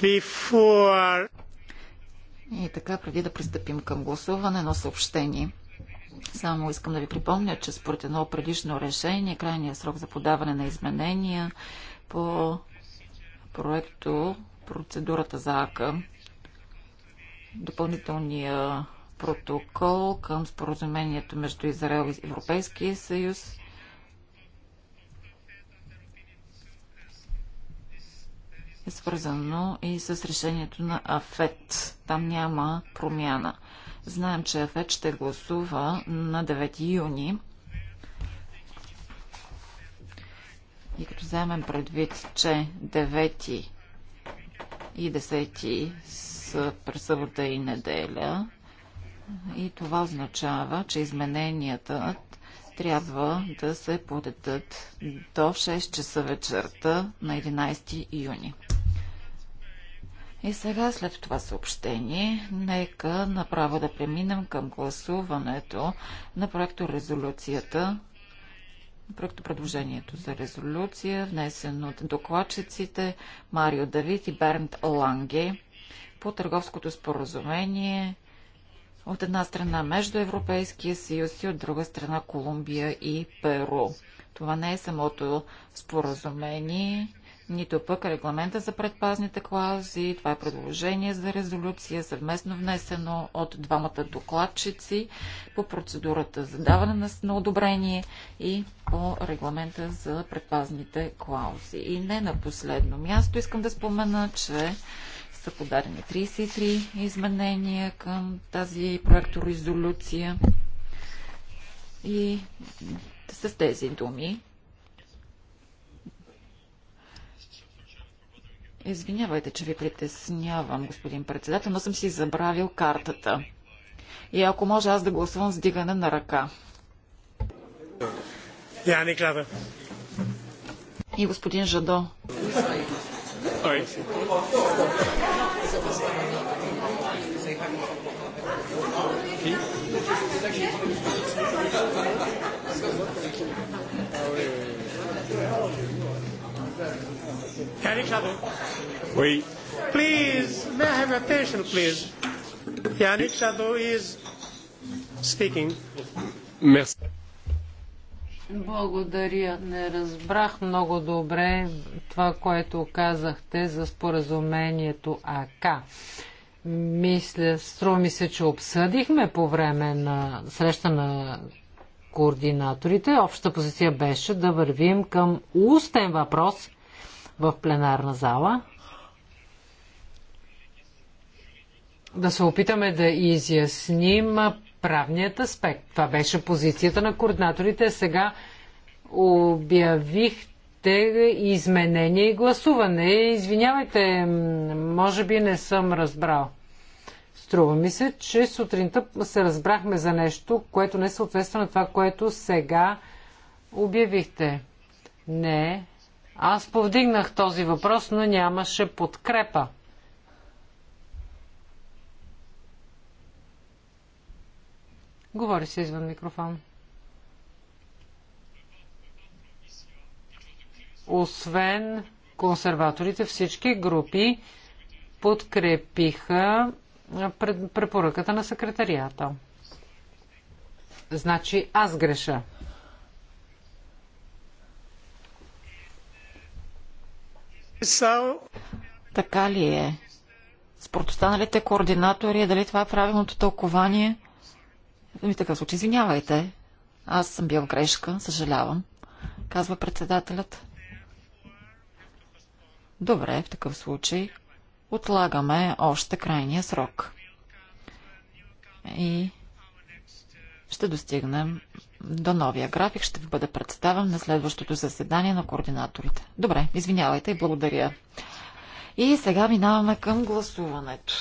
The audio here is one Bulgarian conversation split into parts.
Before... И така, преди да пристъпим към гласуване, едно съобщение. Само искам да ви припомня, че според едно предишно решение, крайният срок за подаване на изменения по проекто процедурата за АКА допълнителния протокол към споразумението между Израел и Европейския съюз. е свързано и с решението на АФЕТ. Там няма промяна. Знаем, че АФЕТ ще гласува на 9 юни. И като вземем предвид, че 9 и 10 през събота и неделя. И това означава, че измененията трябва да се подадат до 6 часа вечерта на 11 юни. И сега след това съобщение, нека направо да преминем към гласуването на проекто резолюцията, проекто предложението за резолюция, внесено от докладчиците Марио Давид и Бернт Ланге по търговското споразумение от една страна между Европейския съюз и от друга страна Колумбия и Перу. Това не е самото споразумение, нито пък регламента за предпазните клаузи. Това е предложение за резолюция, съвместно внесено от двамата докладчици по процедурата за даване на одобрение и по регламента за предпазните клаузи. И не на последно място искам да спомена, че са подадени 33 изменения към тази проекторезолюция. И с тези думи Извинявайте, че ви притеснявам, господин председател, но съм си забравил картата. И ако може аз да гласувам с дигане на ръка. Я не клава. И господин Жадо. Ой. Oui. Please, may I have your attention, please? Yannick Jadot is speaking. Merci. Благодаря. Не разбрах много добре това, което казахте за споразумението АК. Мисля, струва ми се, че обсъдихме по време на среща на координаторите. Общата позиция беше да вървим към устен въпрос в пленарна зала. Да се опитаме да изясним правният аспект. Това беше позицията на координаторите. Сега обявихте изменение и гласуване. Извинявайте, може би не съм разбрал. Струва ми се, че сутринта се разбрахме за нещо, което не съответства на това, което сега обявихте. Не. Аз повдигнах този въпрос, но нямаше подкрепа. Говори се извън микрофон. Освен консерваторите, всички групи подкрепиха препоръката на секретарията. Значи аз греша. Така ли е? Според останалите координатори, е дали това е правилното тълкование? И ами, така такъв случай, извинявайте. Аз съм бил грешка, съжалявам, казва председателят. Добре, в такъв случай отлагаме още крайния срок. И ще достигнем до новия график. Ще ви бъде представен на следващото заседание на координаторите. Добре, извинявайте и благодаря. И сега минаваме към гласуването.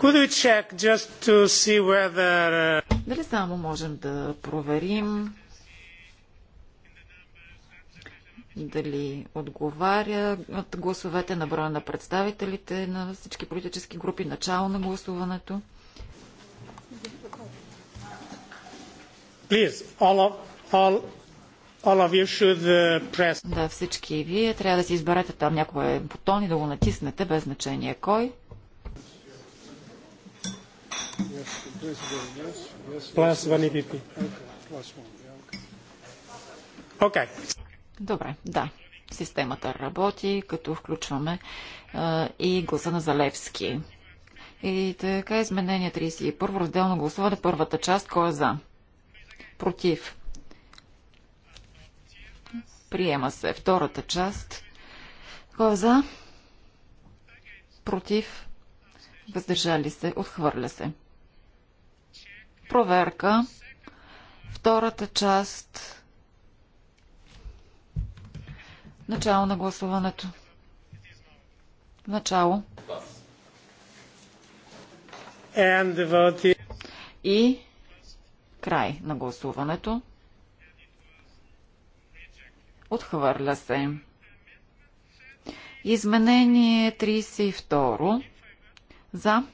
Could we check just to see whether... Uh, дали само можем да проверим дали отговаря от гласовете на броя на представителите на всички политически групи, начало на гласуването. Please, all of, all, all of you should uh, press. Да, всички вие трябва да си изберете там някой бутон и да го натиснете, без значение кой. Plus one EPP. Okay. Добре, да. Системата работи, като включваме а, и гласа на Залевски. И така изменение 31. Разделно гласуване. Първата част. Кой е за? Против. Приема се. Втората част. Кой е за? Против. Въздържали се. Отхвърля се проверка. Втората част. Начало на гласуването. Начало. И край на гласуването. Отхвърля се. Изменение 32. За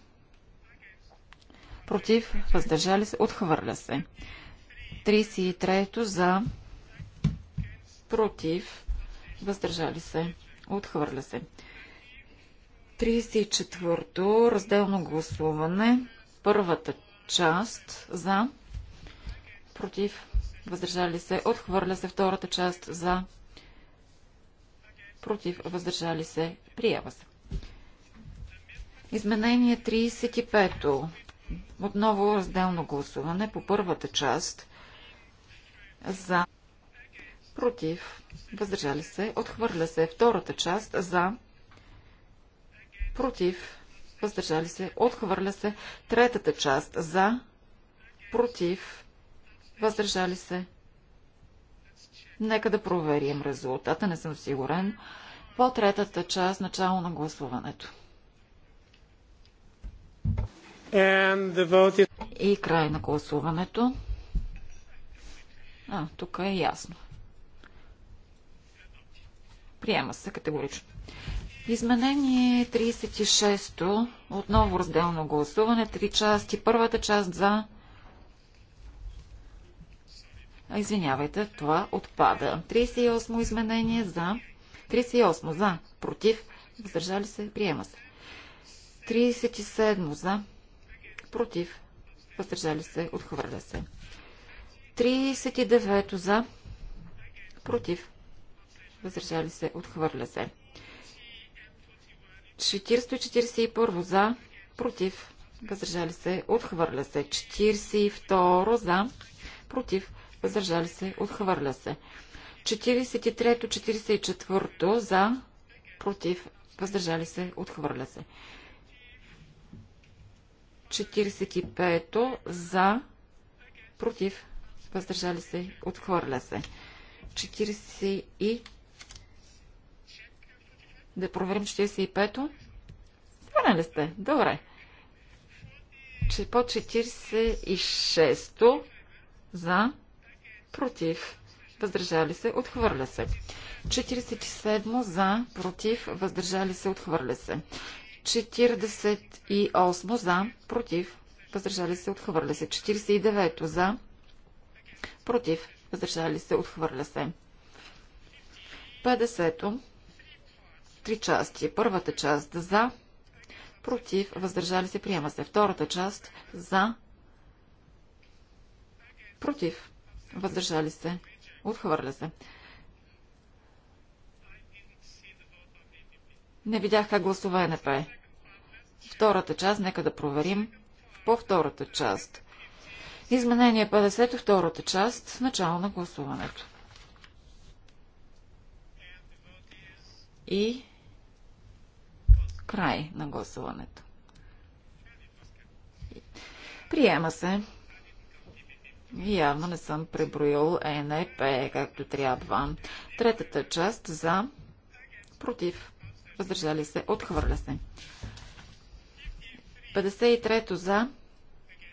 против, въздържали се, отхвърля се. 33 за, против, въздържали се, отхвърля се. 34 то разделно гласуване, първата част за, против, въздържали се, отхвърля се втората част за, против, въздържали се, приява се. Изменение 35 отново разделно гласуване по първата част за против, въздържали се, отхвърля се втората част за против, въздържали се, отхвърля се третата част за против, въздържали се. Нека да проверим резултата, не съм сигурен. По третата част, начало на гласуването. Is... И край на гласуването. А, тук е ясно. Приема се категорично. Изменение 36-то, отново разделно гласуване, три части. Първата част за... А, извинявайте, това отпада. 38 мо изменение за... 38 за, против, въздържали се, приема се. 37 за, против, въздържали се, отхвърля се. 39 за, против, въздържали се, отхвърля се. 441 за, против, въздържали се, отхвърля се. 42 за, против, въздържали се, отхвърля се. 43-44 за, против, въздържали се, отхвърля се. 45 за, против, въздържали се, отхвърля се. 40 и... Да проверим 45-то. Свърнали сте. Добре. Че по 46-то за, против, въздържали се, отхвърля се. 47 за, против, въздържали се, отхвърля се. 48 за, против, въздържали се, отхвърля се. 49 за, против, въздържали се, отхвърля се. 50 три части. Първата част за, против, въздържали се, приема се. Втората част за, против, въздържали се, отхвърля се. Не видях как гласува НП. Втората част, нека да проверим. По втората част. Изменение 50, втората част, начало на гласуването. И край на гласуването. Приема се. Явно не съм преброил НП както трябва. Третата част за против въздържали се, отхвърля се. 53-то за,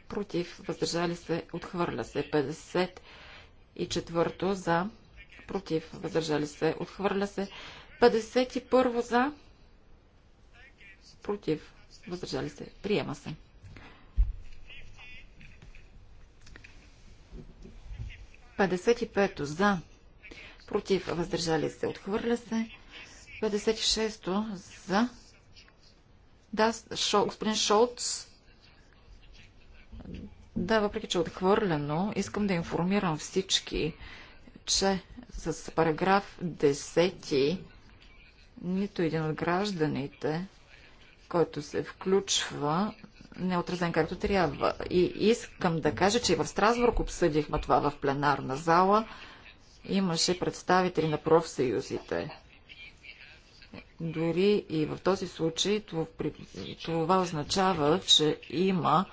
против, въздържали се, отхвърля се. 54-то за, против, въздържали се, отхвърля се. 51-во за, против, въздържали се, приема се. 55 за, против, въздържали се, отхвърля се. 56-то за. Да, Шол, господин Шолц. Да, въпреки, че е отхвърлено, искам да информирам всички, че с параграф 10 нито един от гражданите, който се включва, не е отразен както трябва. И искам да кажа, че и в Страсбург обсъдихме това в пленарна зала. Имаше представители на профсъюзите. Дори и в този случай това означава, че има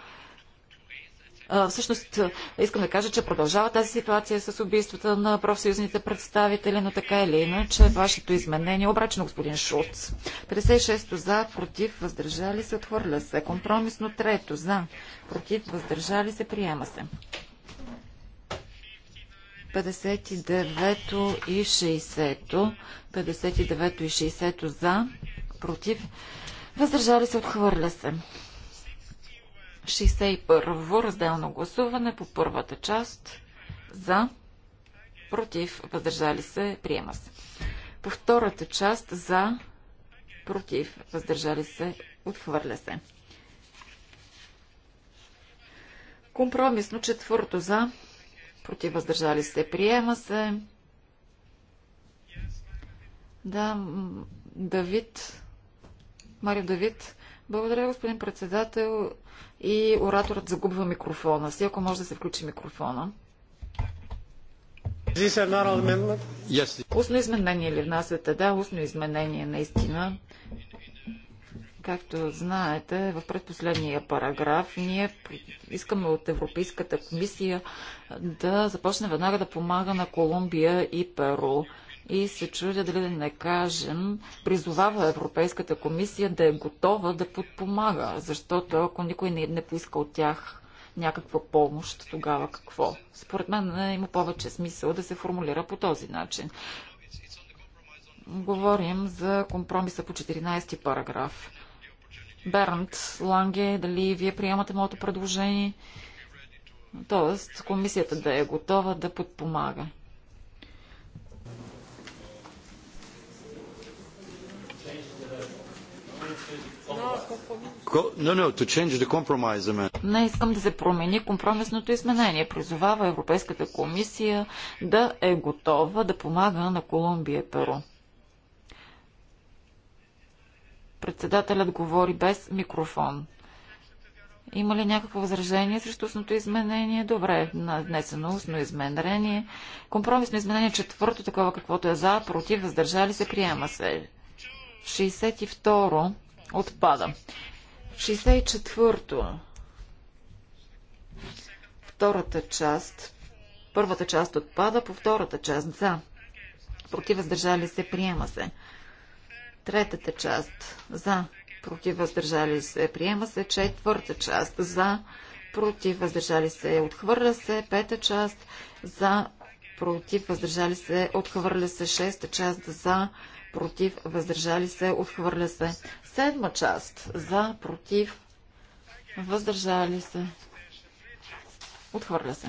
Всъщност, искам да кажа, че продължава тази ситуация с убийствата на профсъюзните представители, но така или иначе вашето изменение обрачено, господин Шуц. 56-то за, против, въздържали се, отхвърля се. Компромисно трето за, против, въздържали се, приема се. 59-то и 60-то. 59-то и 60-то за, против. Въздържали се, отхвърля се. 61-во разделно гласуване по първата част. За, против, въздържали се, приема се. По втората част за, против, въздържали се, отхвърля се. Компромисно четвърто за, Против въздържали се. Приема се. Да, Давид. Марио Давид. Благодаря, господин председател. И ораторът загубва микрофона си. Ако може да се включи микрофона. Устно изменение ли внасяте? Да, устно изменение, наистина. Както знаете, в предпоследния параграф ние искаме от Европейската комисия да започне веднага да помага на Колумбия и Перу. И се чудя дали да не кажем, призовава Европейската комисия да е готова да подпомага, защото ако никой не, не поиска от тях някаква помощ, тогава какво? Според мен има повече смисъл да се формулира по този начин. Говорим за компромиса по 14 параграф. Бернт Ланге, дали вие приемате моето предложение. Тоест, комисията да е готова да подпомага. No, no, Не искам да се промени компромисното изменение. Призовава Европейската комисия да е готова да помага на Колумбия и Перу. Председателят говори без микрофон. Има ли някакво възражение срещу устното изменение? Добре, внесено устно изменение. Компромисно изменение четвърто, такова каквото е за, против, въздържали се, приема се. 62 отпада. 64-то. Втората част. Първата част отпада, по втората част за. Против въздържали се, приема се. Третата част за, против, въздържали се, приема се. Четвърта част за, против, въздържали се, отхвърля се. Пета част за, против, въздържали се, отхвърля се. Шеста част за, против, въздържали се, отхвърля се. Седма част за, против, въздържали се, отхвърля се.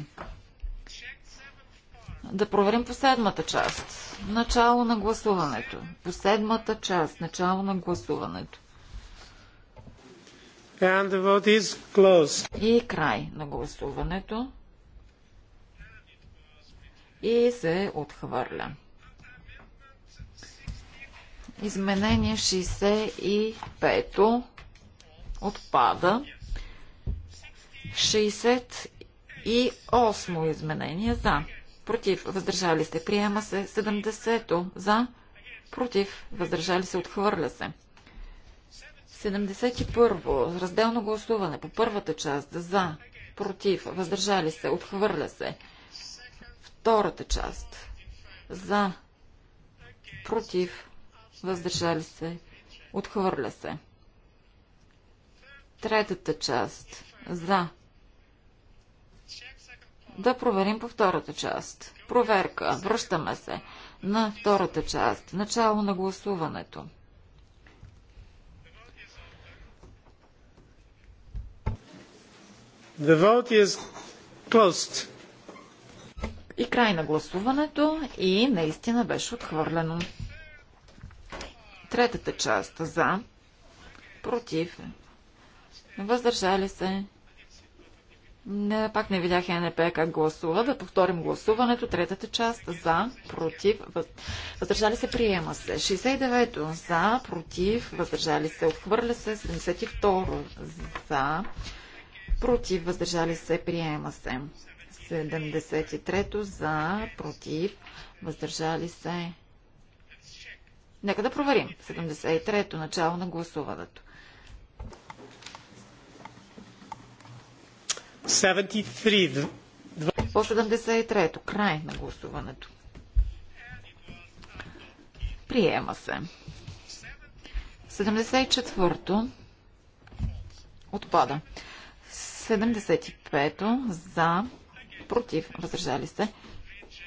Да проверим по седмата част. Начало на гласуването. По седмата част. Начало на гласуването. And the vote is closed. И край на гласуването. И се отхвърля. Изменение 65 отпада. 68 изменение за против, въздържали се, приема се. 70-то за, против, въздържали се, отхвърля се. 71-во, разделно гласуване по първата част, за, против, въздържали се, отхвърля се. Втората част, за, против, въздържали се, отхвърля се. Третата част, за, против, да проверим по втората част. Проверка. Връщаме се на втората част. Начало на гласуването. The vote is closed. И край на гласуването и наистина беше отхвърлено. Третата част за, против, въздържали се, не, пак не видях НП как гласува. Да повторим гласуването. Третата част за, против, въз... въздържали се, приема се. 69-то за, против, въздържали се, отхвърля се. 72-ро за, против, въздържали се, приема се. 73-то за, против, въздържали се. Нека да проверим. 73-то начало на гласуването. 73. 73-то. Край на гласуването. Приема се. 74-то. Отпада. 75-то. За. Против. Въздържали се.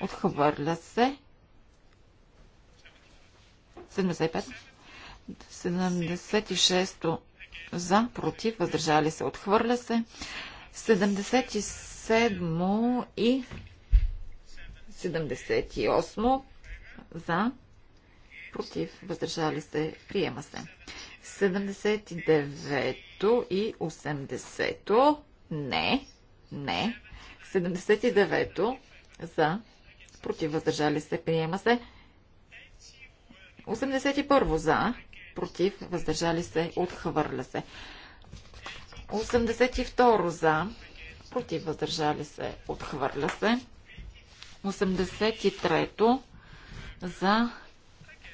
Отхвърля се. 75. 76-то. За. Против. Въздържали се. Отхвърля се. 77 и 78 за, против, въздържали се, приема се. 79 и 80 не, не. 79 за, против, въздържали се, приема се. 81 за, против, въздържали се, отхвърля се. 82 за, против въздържали се, отхвърля се. 83 за,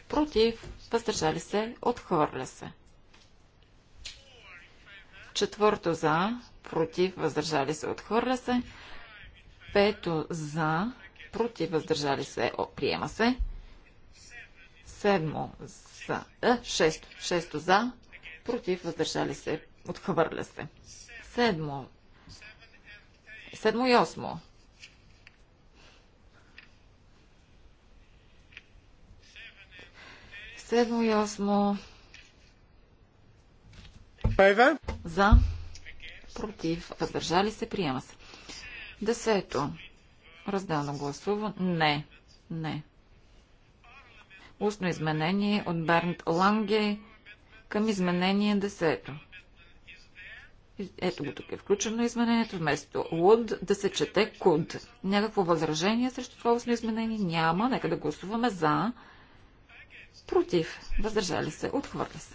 против въздържали се, отхвърля се. Четвърто за, против въздържали се, отхвърля се. Пето за, против въздържали се, приема се. Седмо за, 6. Е, шесто, шесто за, против въздържали се, Отхвърля се. Седмо. Седмо и осмо. Седмо и осмо. Пева. За. Против. Въздържали се. Приема се. Десето. Разделно гласува. Не. Не. Устно изменение от Бернт Ланге към изменение десето. Ето го тук е включено изменението. Вместо would да се чете could. Някакво възражение срещу това устно изменение няма. Нека да гласуваме за. Против. Въздържали се. Отхвърля се.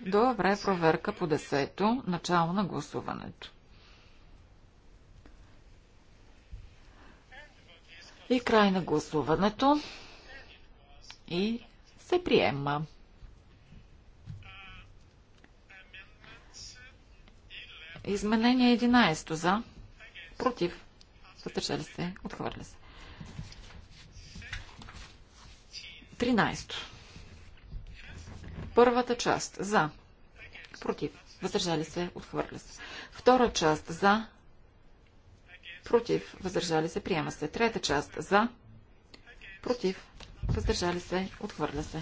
Добре, проверка по десето. Начало на гласуването. И край на гласуването. И се приема. Изменение 11 за. Против. Въздържали се. Отхвърля се. 13. Първата част за. Против. Въздържали се. Отхвърля се. Втора част за. Против. Въздържали се. Приема се. Трета част за. Против. Въздържали се. Отхвърля се.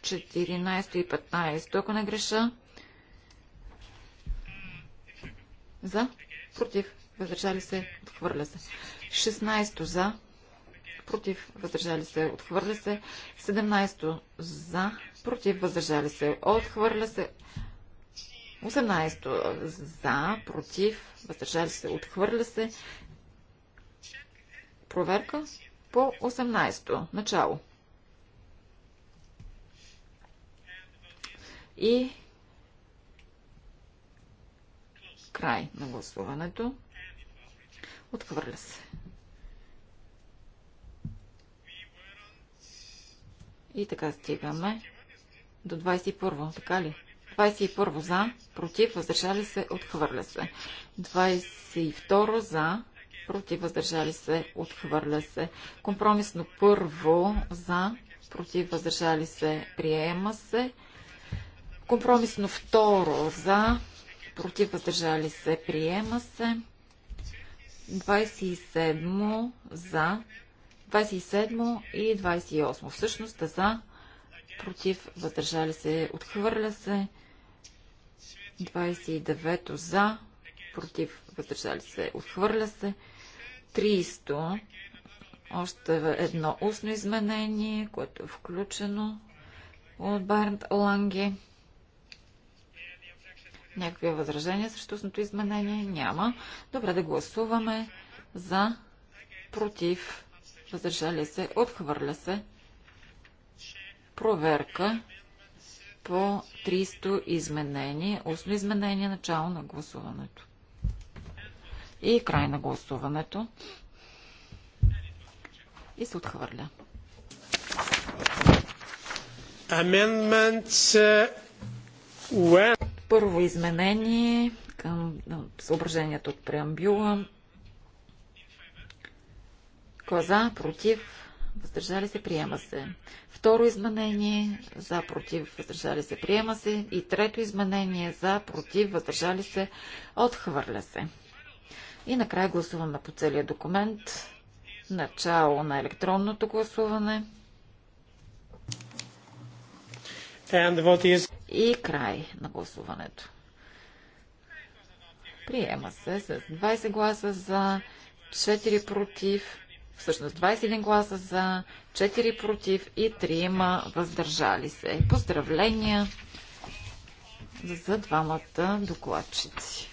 14 и 15, ако не греша. За, против, въздържали се, отхвърля се. 16 за, против, въздържали се, отхвърля се. 17 за, против, въздържали се, отхвърля се. 18 за, против, въздържали се, отхвърля се. Проверка по 18 начало. И край на гласуването. Отхвърля се. И така стигаме до 21, така ли? 21 за, против, въздържали се, отхвърля се. 22 за, против, въздържали се, отхвърля се. Компромисно първо за, против, въздържали се, приема се. Компромисно второ за, против въздържали се, приема се. 27 за, 27 и 28 всъщност е за, против въздържали се, отхвърля се. 29 за, против въздържали се, отхвърля се. 30 още едно устно изменение, което е включено от Барнт Ланге. Някакви възражения срещу устното изменение? Няма. Добре да гласуваме за, против, въздържали се, отхвърля се. Проверка по 300 изменения, устно изменение, начало на гласуването. И край на гласуването. И се отхвърля. Amendment uh, първо изменение към съображението от преамбюла. Коза, е против, въздържали се, приема се. Второ изменение, за, против, въздържали се, приема се. И трето изменение, за, против, въздържали се, отхвърля се. И накрая гласуваме по целия документ. Начало на електронното гласуване. И край на гласуването. Приема се с 20 гласа за, 4 против, всъщност 21 гласа за, 4 против и 3 въздържали се. Поздравления за двамата докладчици.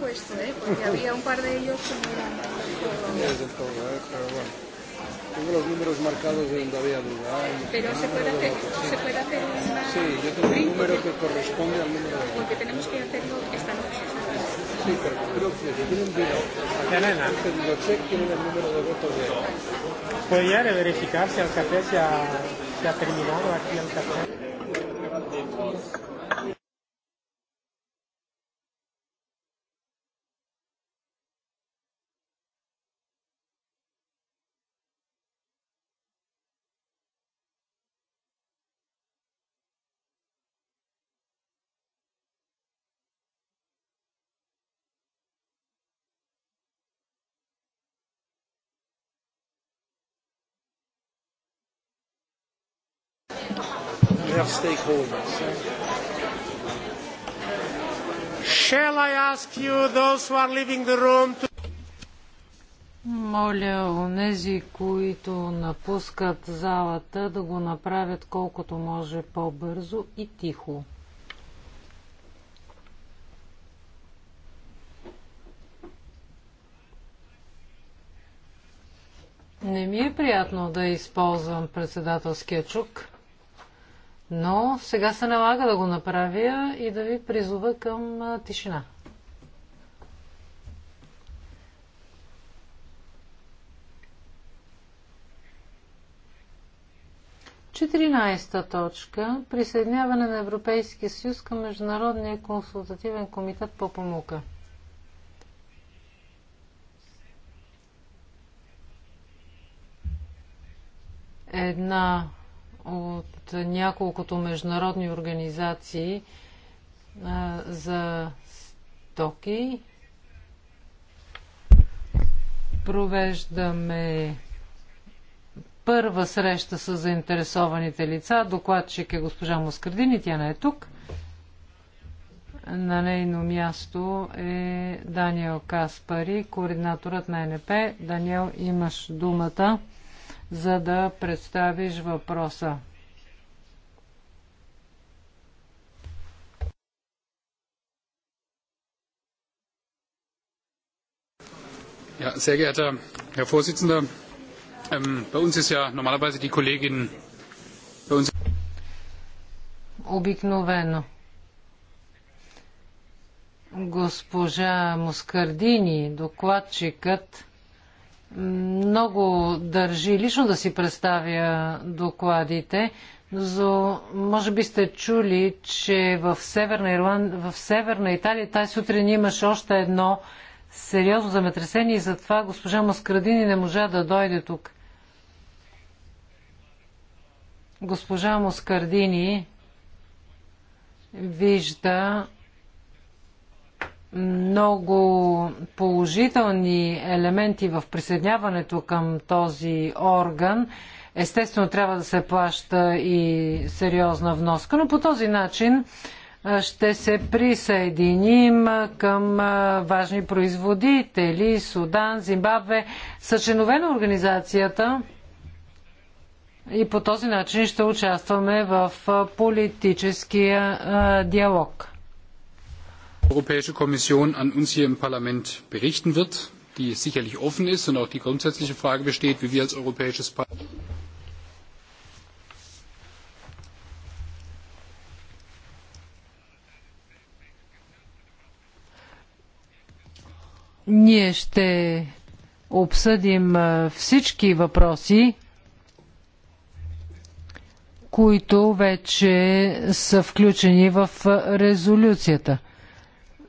puesto, ¿eh? porque había un par de ellos que no eran del todo. pero bueno. Tengo los números marcados de donde había duda. Pero se puede, hacer, se puede hacer una... Sí, yo tengo un número que corresponde al número de... Porque tenemos que hacerlo esta noche. Sí, pero creo que si tienen vino, anche lo check tienen el número de votos de... Puede verificar si el café se ha, se ha terminado aquí el café. have stakeholders. Shall I ask you, those who are leaving the room, to... Моля онези, които напускат залата, да го направят колкото може по-бързо и тихо. Не ми е приятно да използвам председателския чук. Но сега се налага да го направя и да ви призова към тишина. Четиринайста точка. Присъединяване на Европейския съюз към Международния консултативен комитет по помука. Една от няколкото международни организации а, за стоки. Провеждаме първа среща с заинтересованите лица. Докладчик е госпожа Москардини, тя не е тук. На нейно място е Даниел Каспари, координаторът на НП. Даниел, имаш думата за да представиш въпроса. Ja, sehr geehrter Herr Vorsitzender, ähm, bei uns ist ja normalerweise die Kollegin bei uns. Обикновено. Госпожа Мускардини, докладчикът, много държи лично да си представя докладите, но може би сте чули, че в Северна, Ирланд... в Северна Италия тази сутрин имаше още едно сериозно земетресение и затова госпожа Маскрадини не можа да дойде тук. Госпожа Маскардини вижда много положителни елементи в присъединяването към този орган. Естествено, трябва да се плаща и сериозна вноска, но по този начин ще се присъединим към важни производители Судан, Зимбабве, са членове на организацията и по този начин ще участваме в политическия диалог. Europäische Kommission an uns hier im Parlament berichten wird, die sicherlich offen ist und auch die grundsätzliche Frage besteht, wie wir als Europäisches Parlament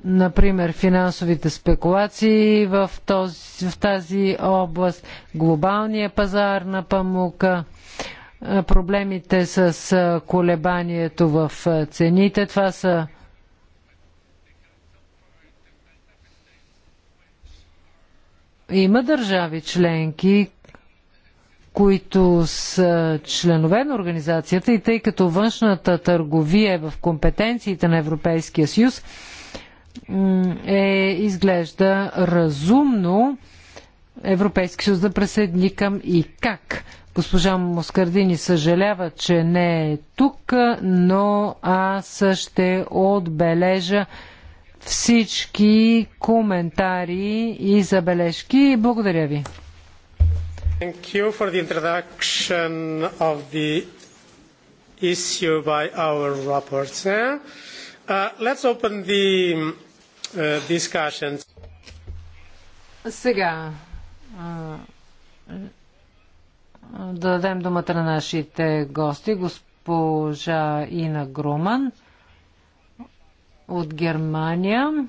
например, финансовите спекулации в, този, в тази област, глобалния пазар на памука, проблемите с колебанието в цените. Това са Има държави членки, които са членове на организацията и тъй като външната търговия е в компетенциите на Европейския съюз, е, изглежда разумно Европейски съюз да присъедини към и как. Госпожа Москардини съжалява, че не е тук, но аз ще отбележа всички коментари и забележки. Благодаря ви. Thank you for the introduction of the issue by our rapporteur. Uh, let's open the е, discussions. Сега да дадем думата на нашите гости, госпожа Ина Груман от Германия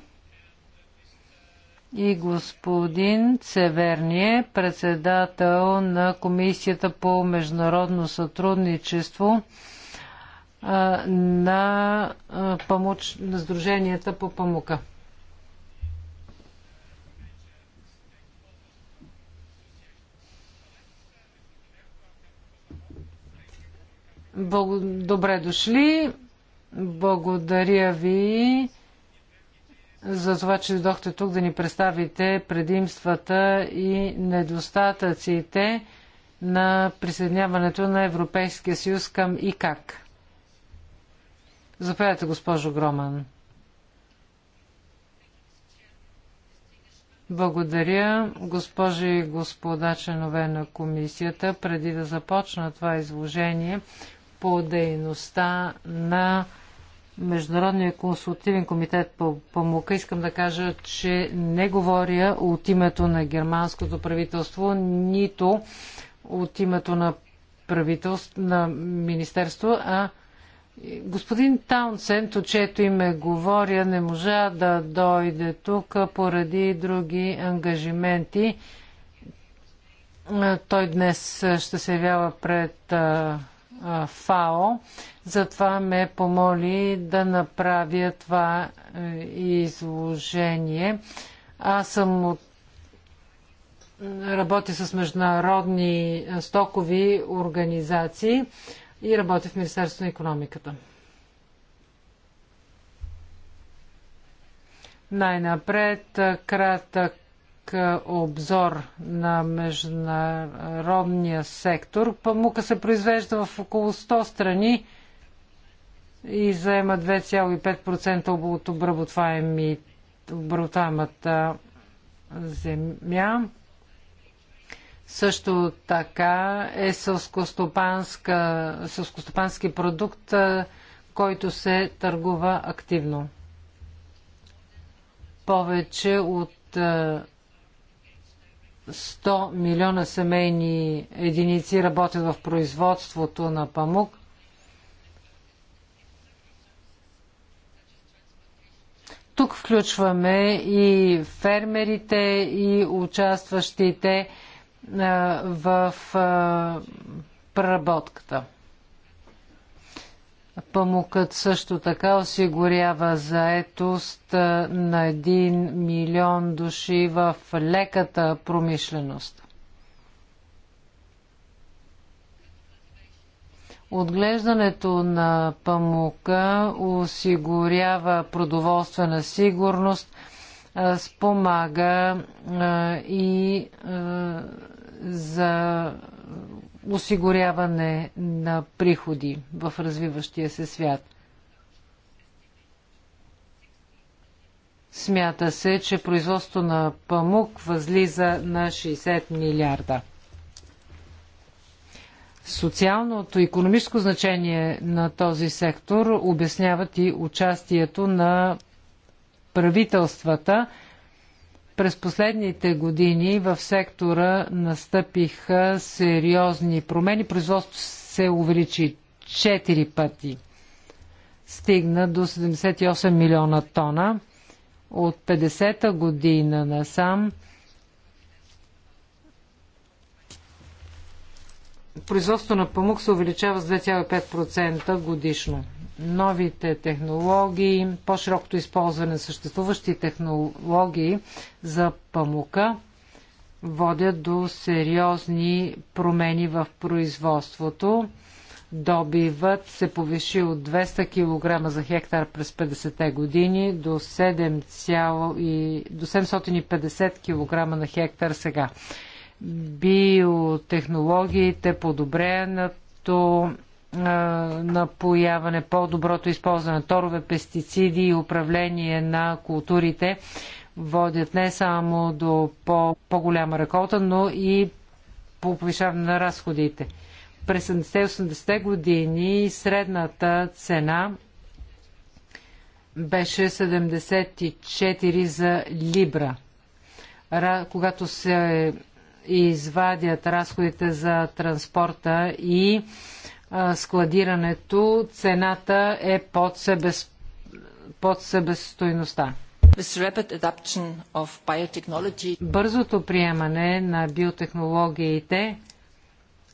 и господин Цеверния, председател на Комисията по международно сътрудничество на Сдруженията по памука. Добре дошли. Благодаря ви за това, че дойдохте тук да ни представите предимствата и недостатъците на присъединяването на Европейския съюз към ИКАК. Заповядайте, госпожо Громан. Благодаря, госпожи и господа членове на комисията. Преди да започна това изложение, по дейността на Международния консултивен комитет по помука. Искам да кажа, че не говоря от името на германското правителство, нито от името на правителство, на министерство, а господин Таунсент, от чето име говоря, не можа да дойде тук поради други ангажименти. Той днес ще се явява пред ФАО. Затова ме помоли да направя това е, изложение. Аз съм от работя с международни е, стокови организации и работя в Министерството на економиката. Най-напред е, кратък обзор на международния сектор. Памука се произвежда в около 100 страни и заема 2,5% от обработваемата земя. Също така е сълскостопански продукт, който се търгува активно. Повече от 100 милиона семейни единици работят в производството на памук. Тук включваме и фермерите, и участващите в преработката. Памукът също така осигурява заетост на 1 милион души в леката промишленост. Отглеждането на памука осигурява продоволствена сигурност, спомага и за осигуряване на приходи в развиващия се свят. Смята се, че производство на памук възлиза на 60 милиарда. Социалното и економическо значение на този сектор обясняват и участието на правителствата – през последните години в сектора настъпиха сериозни промени. Производството се увеличи 4 пъти. Стигна до 78 милиона тона. От 50-та година насам производството на памук се увеличава с 2,5% годишно новите технологии, по-широкото използване на съществуващи технологии за памука водят до сериозни промени в производството. Добивът се повиши от 200 кг за хектар през 50-те години до, 7, и, до 750 кг на хектар сега. Биотехнологиите, подобреното напояване, по-доброто използване на торове, пестициди и управление на културите водят не само до по- по-голяма реколта, но и по повишаване на разходите. През 70-80 години средната цена беше 74 за либра. когато се извадят разходите за транспорта и складирането, цената е под, себес, под себестойността. Бързото приемане на биотехнологиите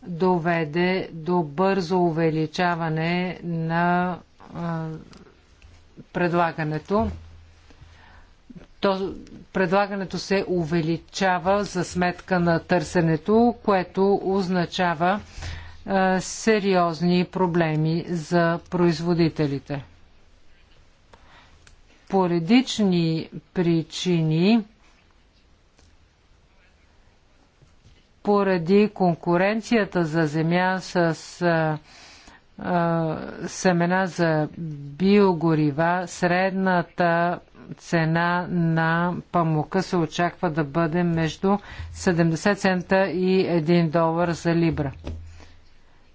доведе до бързо увеличаване на а, предлагането. То, предлагането се увеличава за сметка на търсенето, което означава, сериозни проблеми за производителите. По редични причини, поради конкуренцията за земя с а, а, семена за биогорива, средната цена на памука се очаква да бъде между 70 цента и 1 долар за либра.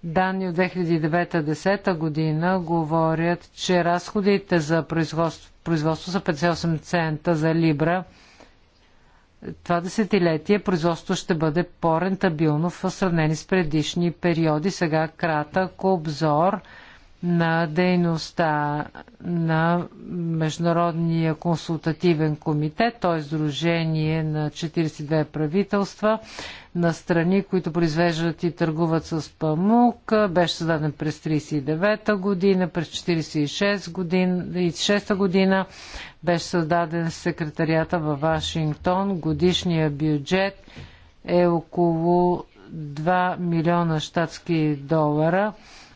Данни от 2009-2010 година говорят, че разходите за производство, производство са 58 цента за либра. Това десетилетие производство ще бъде по-рентабилно в сравнение с предишни периоди. Сега кратък обзор на дейността на Международния консултативен комитет, т.е. Сдружение на 42 правителства на страни, които произвеждат и търгуват с памук. Беше създаден през 1939 година, през 1946 година, 1946 година беше създаден секретарията във Вашингтон. Годишния бюджет е около 2 милиона щатски долара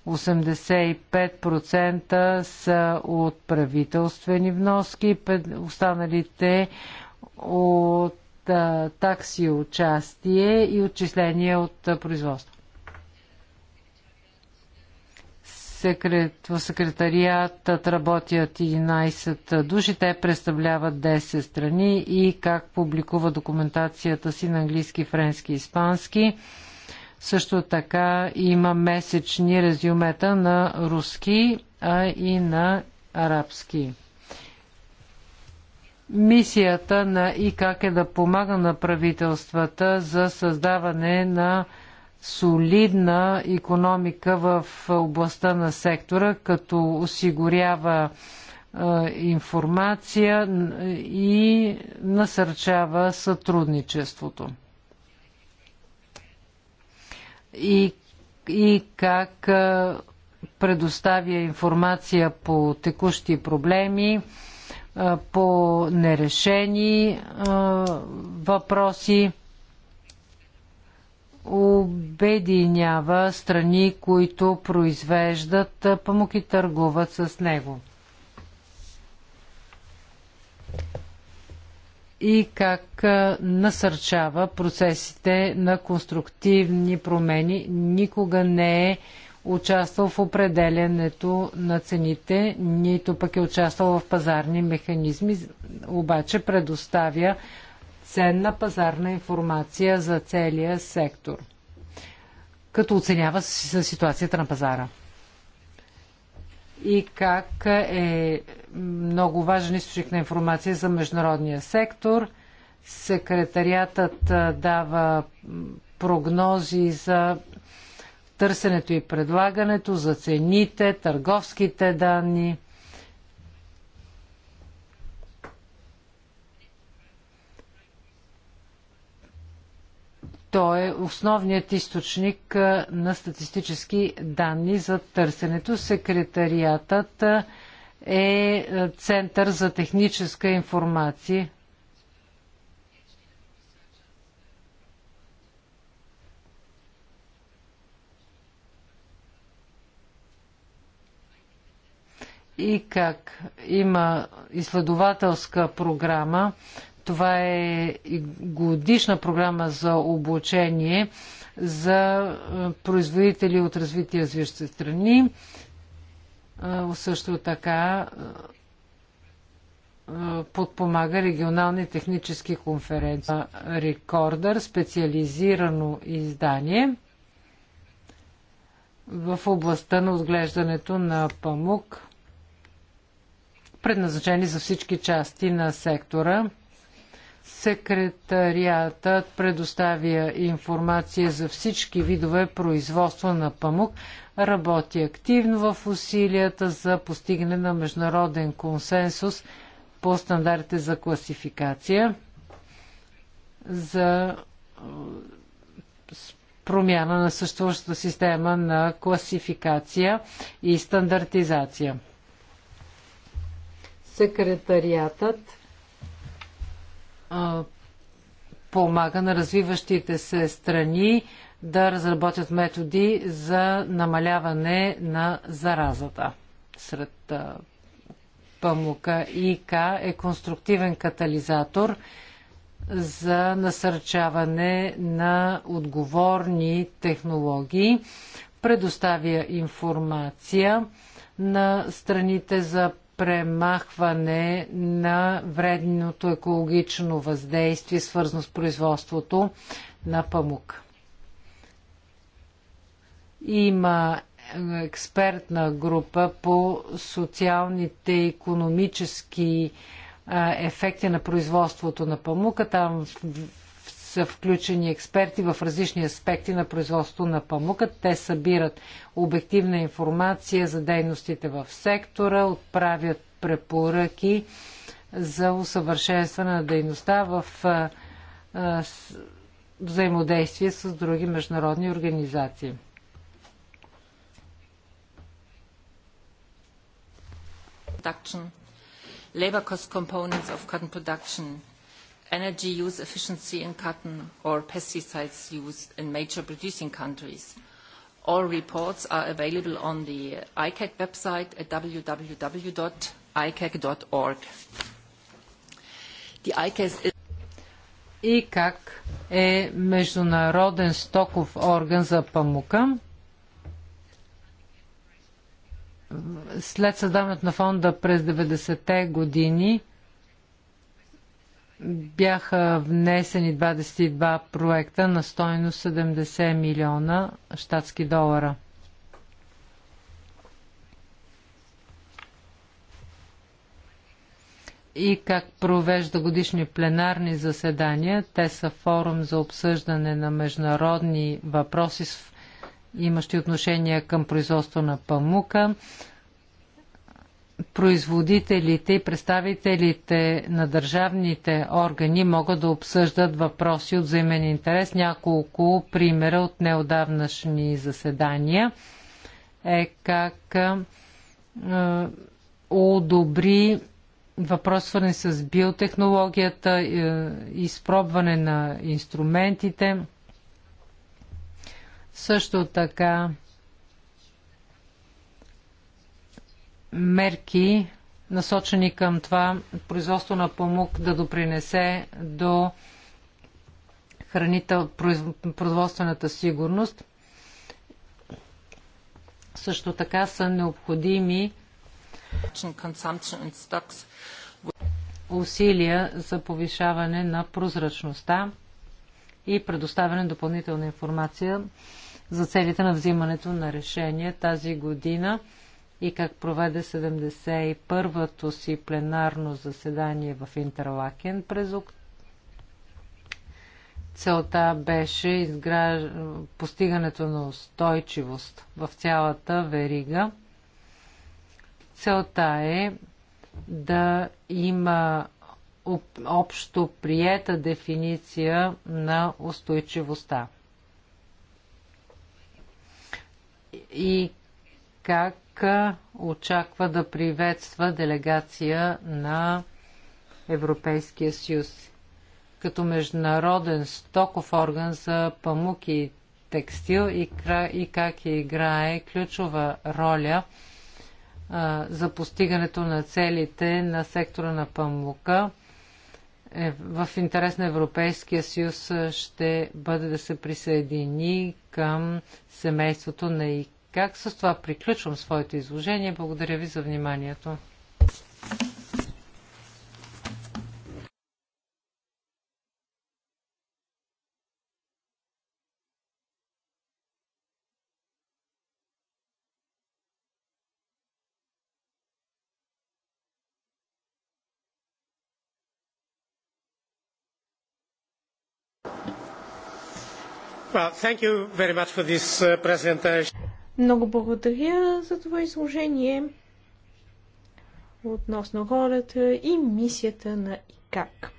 85% са от правителствени вноски, останалите от такси участие и отчисления от производство. Секрет, в секретариатът работят 11 души, те представляват 10 страни и как публикува документацията си на английски, френски и испански. Също така има месечни резюмета на руски, а и на арабски. Мисията на ИКАК е да помага на правителствата за създаване на солидна економика в областта на сектора, като осигурява информация и насърчава сътрудничеството и, и как предоставя информация по текущи проблеми, по нерешени въпроси обединява страни, които произвеждат памук и търгуват с него и как насърчава процесите на конструктивни промени. Никога не е участвал в определенето на цените, нито пък е участвал в пазарни механизми, обаче предоставя ценна пазарна информация за целия сектор, като оценява ситуацията на пазара и как е много важен източник на информация за международния сектор. Секретариатът дава прогнози за търсенето и предлагането, за цените, търговските данни. Той е основният източник на статистически данни за търсенето. Секретариатът е център за техническа информация. и как има изследователска програма това е годишна програма за обучение за е, производители от развитие развиващи страни. Е, също така е, подпомага регионални технически конференции. Рекордър, специализирано издание в областта на отглеждането на памук, предназначени за всички части на сектора. Секретариатът предоставя информация за всички видове производство на памук, работи активно в усилията за постигане на международен консенсус по стандартите за класификация за промяна на съществуващата система на класификация и стандартизация. Секретариатът помага на развиващите се страни да разработят методи за намаляване на заразата. Сред памука ИК е конструктивен катализатор за насърчаване на отговорни технологии, предоставя информация на страните за премахване на вредното екологично въздействие, свързано с производството на памук. Има експертна група по социалните и економически ефекти на производството на памука. Там са включени експерти в различни аспекти на производство на памука. Те събират обективна информация за дейностите в сектора, отправят препоръки за усъвършенстване на дейността в взаимодействие с други международни организации. Labor cost components of cotton production energy use efficiency in cotton or pesticides used in major producing countries. All reports are available on the ICAC website at www.icac.org. The ICAC is ИКАК е международен стоков орган за памука. След създаването на фонда през 90-те години бяха внесени 22 проекта на стойност 70 милиона щатски долара. И как провежда годишни пленарни заседания. Те са форум за обсъждане на международни въпроси, имащи отношение към производство на памука, производителите и представителите на държавните органи могат да обсъждат въпроси от взаимен интерес. Няколко примера от неодавнашни заседания е как одобри въпрос свързан с биотехнологията, изпробване на инструментите. Също така мерки, насочени към това производство на памук да допринесе до хранител производствената сигурност. Също така са необходими усилия за повишаване на прозрачността и предоставяне на допълнителна информация за целите на взимането на решение тази година и как проведе 71-то си пленарно заседание в Интерлакен през Целта беше изграж... постигането на устойчивост в цялата верига. Целта е да има общо приета дефиниция на устойчивостта. И как очаква да приветства делегация на Европейския съюз. Като международен стоков орган за памук и текстил и, и как играе ключова роля а, за постигането на целите на сектора на памука е, в интерес на Европейския съюз ще бъде да се присъедини към семейството на ИК как. С това приключвам своето изложение. Благодаря ви за вниманието. Well, thank you very much for this uh, presentation. Много благодаря за това изложение относно ролята и мисията на ИКАК.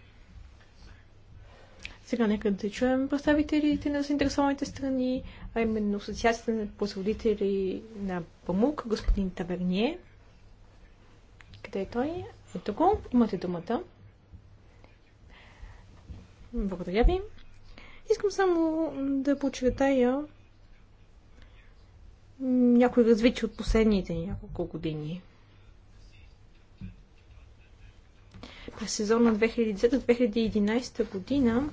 Сега нека да чуем представителите на заинтересованите страни, а именно Асоциацията на производители на памук, господин Таверние. Къде е той? Ето го, имате думата. Благодаря ви. Искам само да подчертая, някои развити от последните няколко години. През сезона 2010-2011 година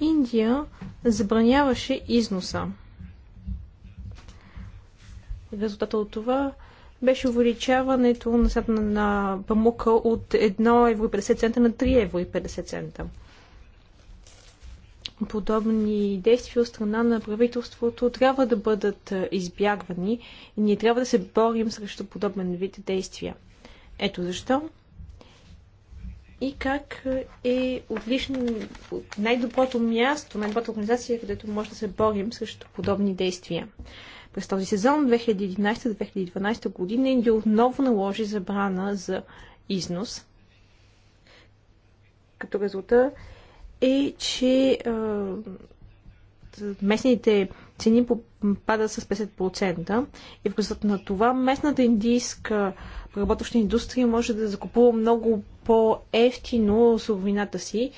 Индия забраняваше износа. Резултата от това беше увеличаването на, на памука от 1,50 евро на 3,50 евро подобни действия от страна на правителството трябва да бъдат е, избягвани и ние трябва да се борим срещу подобен вид действия. Ето защо и как е, е отлично, най-доброто място, най-добрата организация, където може да се борим срещу подобни действия. През този сезон 2011-2012 година Индия отново наложи забрана за износ. Като резултат е, че а, местните цени падат с 50% и в резултат на това местната индийска преработваща индустрия може да закупува много по-ефтино суровината си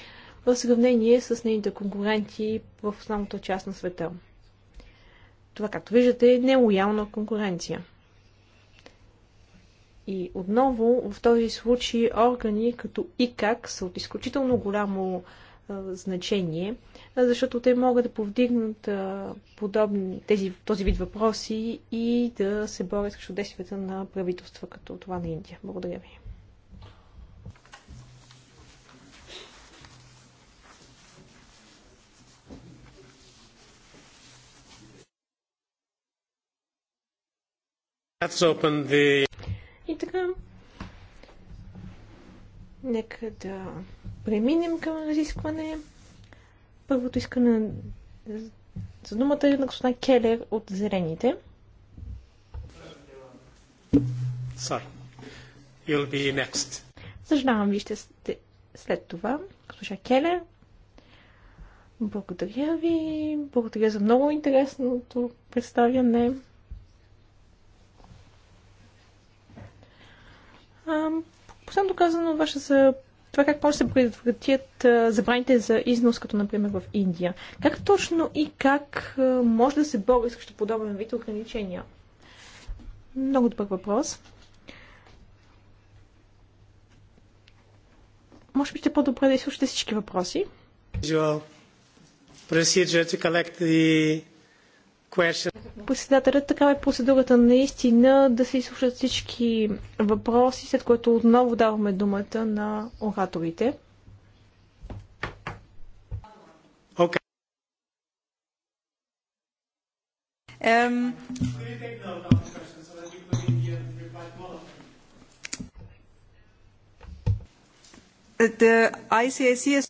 в сравнение с нейните конкуренти в основната част на света. Това, както виждате, е нелоялна конкуренция. И отново в този случай органи като ИКАК са от изключително голямо значение, защото те могат да повдигнат подобни, тези, този вид въпроси и да се борят срещу действията на правителства като това на Индия. Благодаря ви. И така, нека да преминем към разискване. Първото искане за думата е на господин Келер от Зелените. Sorry. You'll be next. Съжалявам, ви ще сте след това. Госпожа Келер, благодаря ви. Благодаря за много интересното представяне. Последното казано ваше за това как може да се предотвратят забраните за износ, като например в Индия. Как точно и как може да се бори срещу подобен вид ограничения? Много добър въпрос. Може би ще е по-добре да изслушате всички въпроси. Visual procedure to Председателят, така е процедурата наистина да се изслушат всички въпроси, след което отново даваме думата на ораторите. Okay. Um... The ICAC is...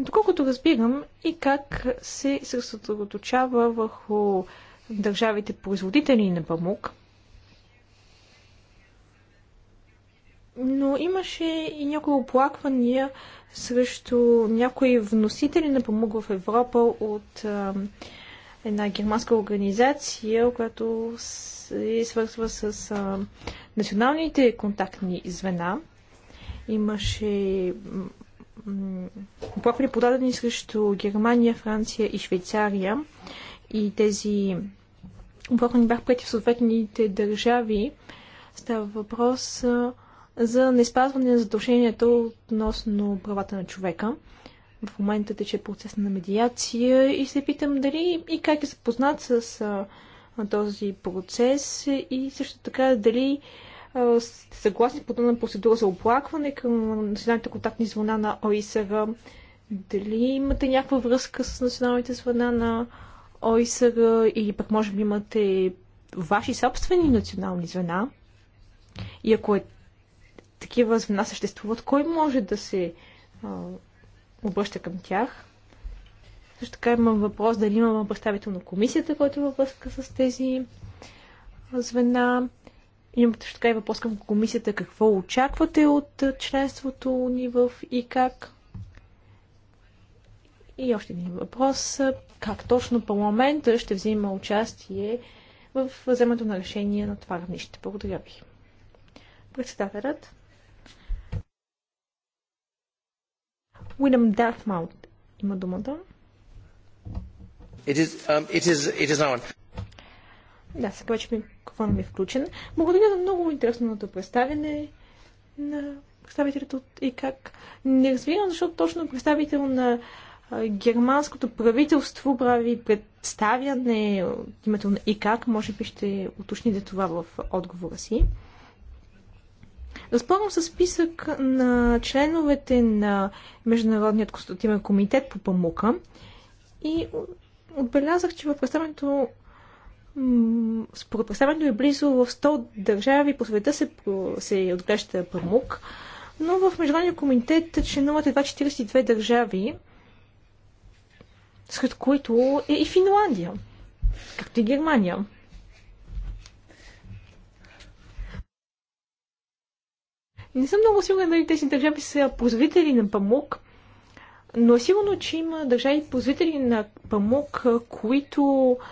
Доколкото разбирам и как се съсредоточава върху държавите производители на памук, но имаше и някои оплаквания срещу някои вносители на памук в Европа от а, една германска организация, която се свързва с а, националните контактни звена. Имаше профили подадени срещу Германия, Франция и Швейцария и тези оборот бях прети в съответните държави, става въпрос за неспазване на задължението относно правата на човека. В момента тече процес на медиация и се питам дали и как е запознат с този процес и също така дали сте съгласни с подобна процедура за оплакване към националните контактни звена на ОИСР? Дали имате някаква връзка с националните звена на ОИСР или пък може би имате ваши собствени национални звена? И ако е, такива звена съществуват, кой може да се а, обръща към тях? Също така имам въпрос дали имам представител на комисията, който е във връзка с тези звена. Имам също така и въпрос към комисията. Какво очаквате от членството ни в ИКАК? И още един въпрос. Как точно парламента ще взима участие в вземането на решение на това равнище? Благодаря ви. Председателят. Уилям Дартмаут има думата. It is, um, it is, it is Да, сега вече ми микрофонът ми е включен. Благодаря за много интересното представяне на представителите от ИКАК. Не разбирам защо точно представител на германското правителство прави представяне от името на ИКАК. Може би ще уточните това в отговора си. Разполагам със списък на членовете на Международният конститутивен комитет по памука и отбелязах, че в представянето според представянето е близо в 100 държави по света се, се отглежда памук, но в Международния комитет членуват едва 42 държави, сред които е и Финландия, както и Германия. Не съм много сигурна дали тези държави са производители на памук, но е сигурно, че има държави производители на памук, които а,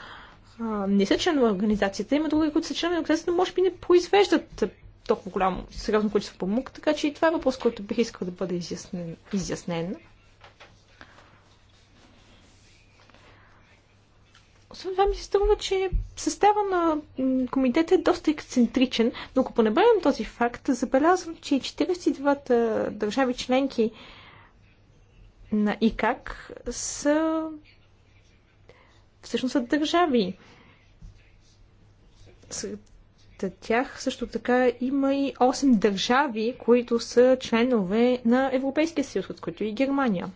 а, не са членове на организацията. Има други, които са членове на организацията, но може би не произвеждат толкова голямо сериозно количество памук, така че и това е въпрос, който бих искал да бъде изяснен. изяснен. Освен това ми се струва, че състава на комитета е доста ексцентричен, но ако понебрежим този факт, забелязвам, че 42-та държави членки на ИКАК са всъщност са държави. Сред тях също така има и 8 държави, които са членове на Европейския съюз, от които и Германия.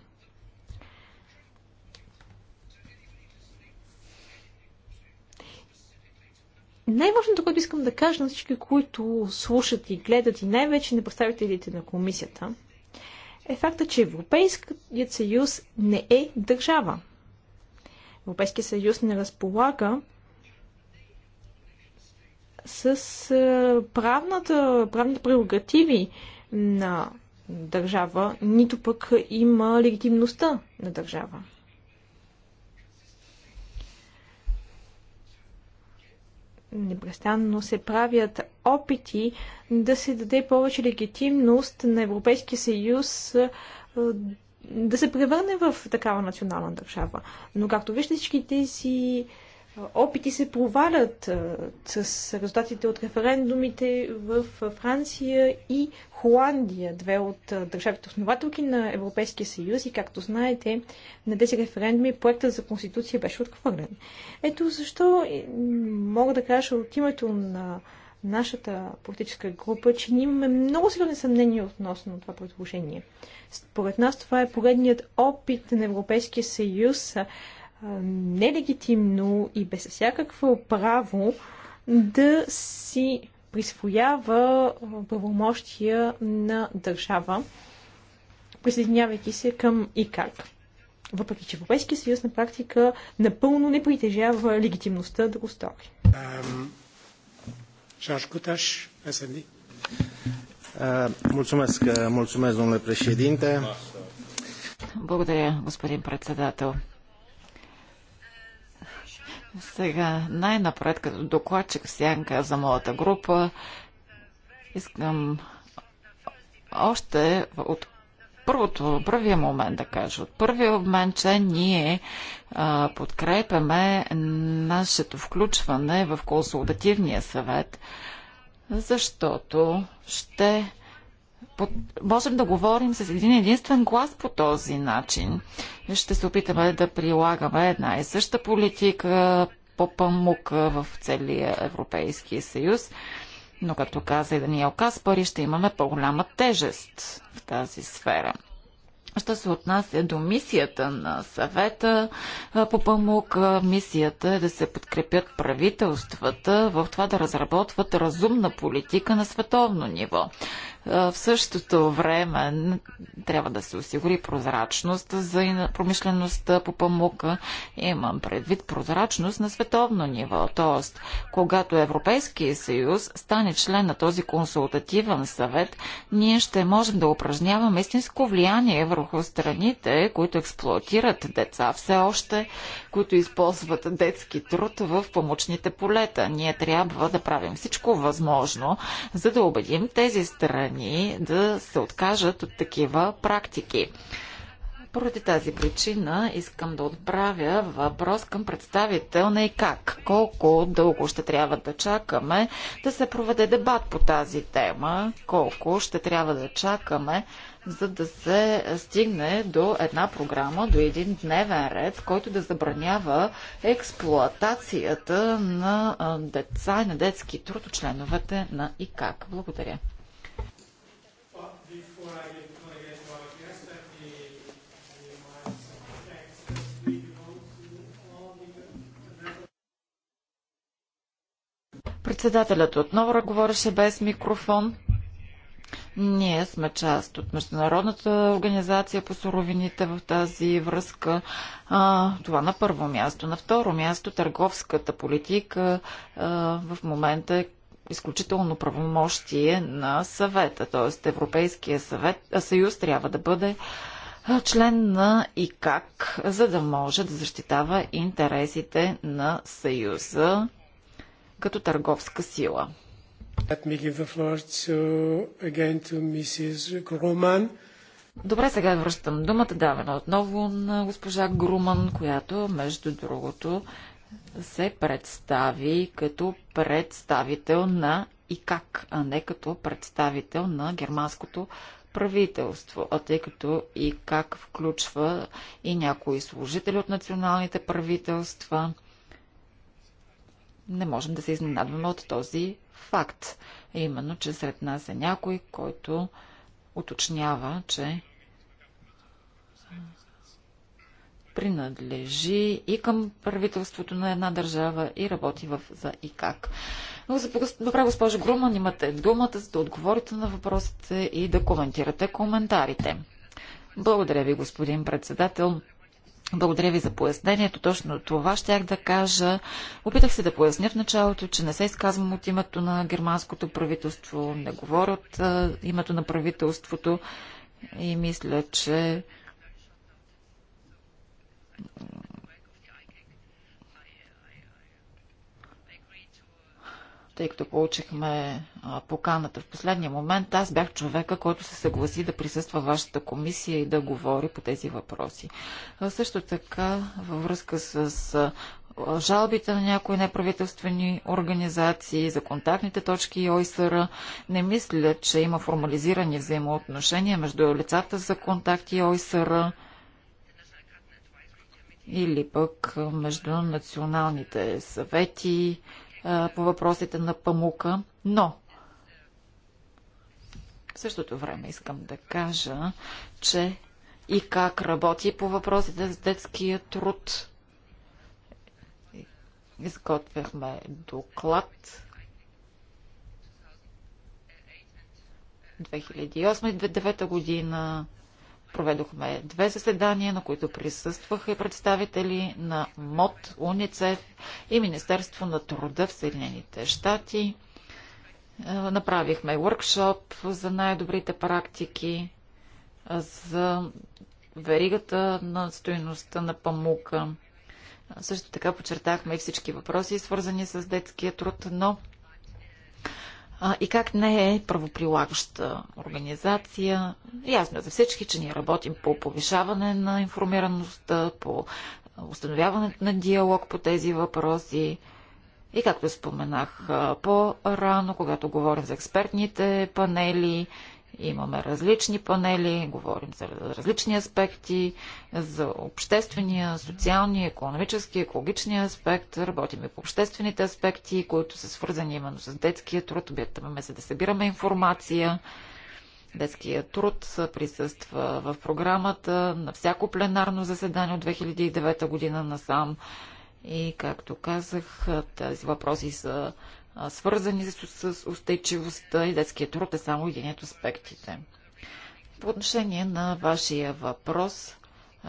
най-важното, което искам да кажа на всички, които слушат и гледат и най-вече на представителите на комисията, е факта, че Европейският съюз не е държава. Европейския съюз не разполага с правната, правните прерогативи на държава, нито пък има легитимността на държава. непрестанно се правят опити да се даде повече легитимност на Европейския съюз да се превърне в такава национална държава. Но както вижте, всички тези опити се провалят с резултатите от референдумите в Франция и Холандия, две от държавите основателки на Европейския съюз и както знаете, на тези референдуми проекта за конституция беше отхвърлен. Ето защо мога да кажа от името на нашата политическа група, че ние имаме много сериозни съмнения относно това предложение. Според нас това е поредният опит на Европейския съюз нелегитимно и без всякакво право да си присвоява правомощия на държава, присъединявайки се към ИКАК. Въпреки, че Европейския съюз на практика напълно не притежава легитимността да го стори. Cutaș, SND. Uh, mulțumesc, uh, mulțumesc, domnule președinte. Благодаря, господин председател. Сега, най-напред, като докладчик сянка за моята група, искам още от първото, първия момент да кажа, от първия момент, че ние а, подкрепяме нашето включване в консултативния съвет, защото ще под... можем да говорим с един единствен глас по този начин. Ще се опитаме да прилагаме една и съща политика по памук в целия Европейски съюз. Но, като каза и Даниел Каспари, ще имаме по-голяма тежест в тази сфера. Що се отнася до мисията на съвета по памук, мисията е да се подкрепят правителствата в това да разработват разумна политика на световно ниво. В същото време трябва да се осигури прозрачност за промишлеността по памука. Имам предвид прозрачност на световно ниво. Тоест, когато Европейския съюз стане член на този консултативен съвет, ние ще можем да упражняваме истинско влияние върху страните, които експлуатират деца все още, които използват детски труд в помощните полета. Ние трябва да правим всичко възможно, за да убедим тези страни да се откажат от такива практики. Поради тази причина искам да отправя въпрос към представител на ИКАК. Колко дълго ще трябва да чакаме да се проведе дебат по тази тема? Колко ще трябва да чакаме за да се стигне до една програма, до един дневен ред, който да забранява експлоатацията на деца и на детски труд от членовете на ИКАК. Благодаря. Председателят отново говореше без микрофон. Ние сме част от Международната организация по суровините в тази връзка. А, това на първо място. На второ място търговската политика а, в момента е изключително правомощие на съвета, т.е. Европейския съвет, а съюз трябва да бъде член на ИКАК, за да може да защитава интересите на съюза като търговска сила. Добре, сега връщам думата, давана отново на госпожа Груман, която, между другото, се представи като представител на ИКАК, а не като представител на германското правителство, а тъй като ИКАК включва и някои служители от националните правителства – не можем да се изненадваме от този факт. Именно, че сред нас е някой, който уточнява, че принадлежи и към правителството на една държава и работи в за и как. Но, добре, госпожо Груман, имате думата, за да отговорите на въпросите и да коментирате коментарите. Благодаря ви, господин председател. Благодаря ви за пояснението. Точно това щях да кажа. Опитах се да поясня в началото, че не се изказвам от името на германското правителство, не говоря от името на правителството и мисля, че тъй като получихме поканата в последния момент, аз бях човека, който се съгласи да присъства в вашата комисия и да говори по тези въпроси. също така, във връзка с жалбите на някои неправителствени организации, за контактните точки и ОИСР. Не мисля, че има формализирани взаимоотношения между лицата за контакти и ОИСР или пък между националните съвети по въпросите на памука, но в същото време искам да кажа, че и как работи по въпросите с детския труд. Изготвяхме доклад 2008-2009 година Проведохме две заседания, на които присъстваха и представители на МОД, УНИЦЕФ и Министерство на труда в Съединените щати. Е, направихме workshop за най-добрите практики, за веригата на стоеността на памука. Също така подчертахме и всички въпроси, свързани с детския труд, но а, и как не е правоприлагаща организация. Ясно е за всички, че ние работим по повишаване на информираността, по установяване на диалог по тези въпроси. И както споменах по-рано, когато говорим за експертните панели Имаме различни панели, говорим за различни аспекти, за обществения, социалния, економически, екологичния аспект, работим и по обществените аспекти, които са свързани именно с детския труд, обитаваме се да събираме информация. Детския труд присъства в програмата на всяко пленарно заседание от 2009 година насам. И, както казах, тези въпроси са свързани с, с устойчивостта и детския труд е само един от аспектите. По отношение на вашия въпрос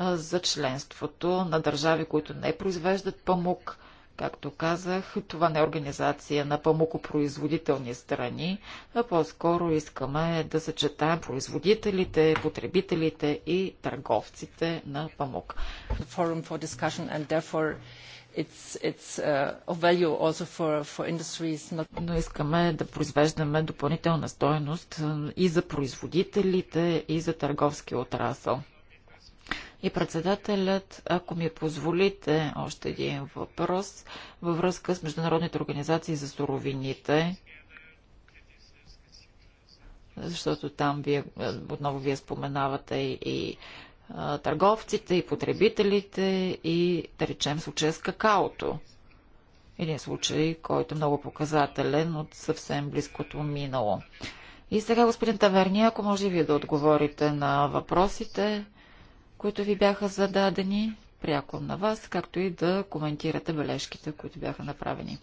за членството на държави, които не произвеждат памук, както казах, това не е организация на памукопроизводителни страни, а по-скоро искаме да съчетаем производителите, потребителите и търговците на памук. Uh, Но искаме да произвеждаме допълнителна стойност е, и за производителите, и за търговски отрасъл. И председателят, ако ми позволите още един въпрос във връзка с международните организации за суровините, защото там вие, е, отново вие споменавате и, и търговците и потребителите и да речем случая с какаото. Един случай, който е много показателен от съвсем близкото минало. И сега, господин Таверни, ако може вие да отговорите на въпросите, които ви бяха зададени пряко на вас, както и да коментирате бележките, които бяха направени.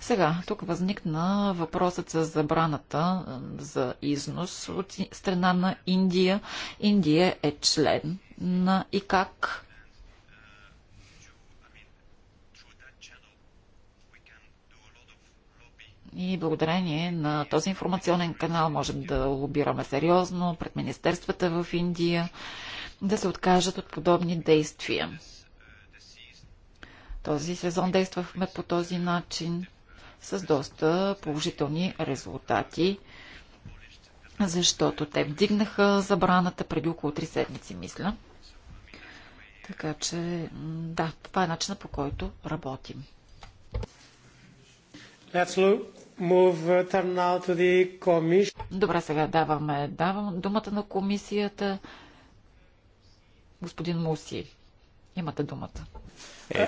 Сега, тук възникна въпросът за забраната за износ от страна на Индия. Индия е член на ИКАК. И благодарение на този информационен канал можем да лобираме сериозно пред министерствата в Индия да се откажат от подобни действия. Този сезон действахме по този начин с доста положителни резултати, защото те вдигнаха забраната преди около 3 седмици, мисля. Така че, да, това е начина по който работим. Uh, Добре, сега даваме, давам думата на комисията. Господин Муси, имате думата. Uh,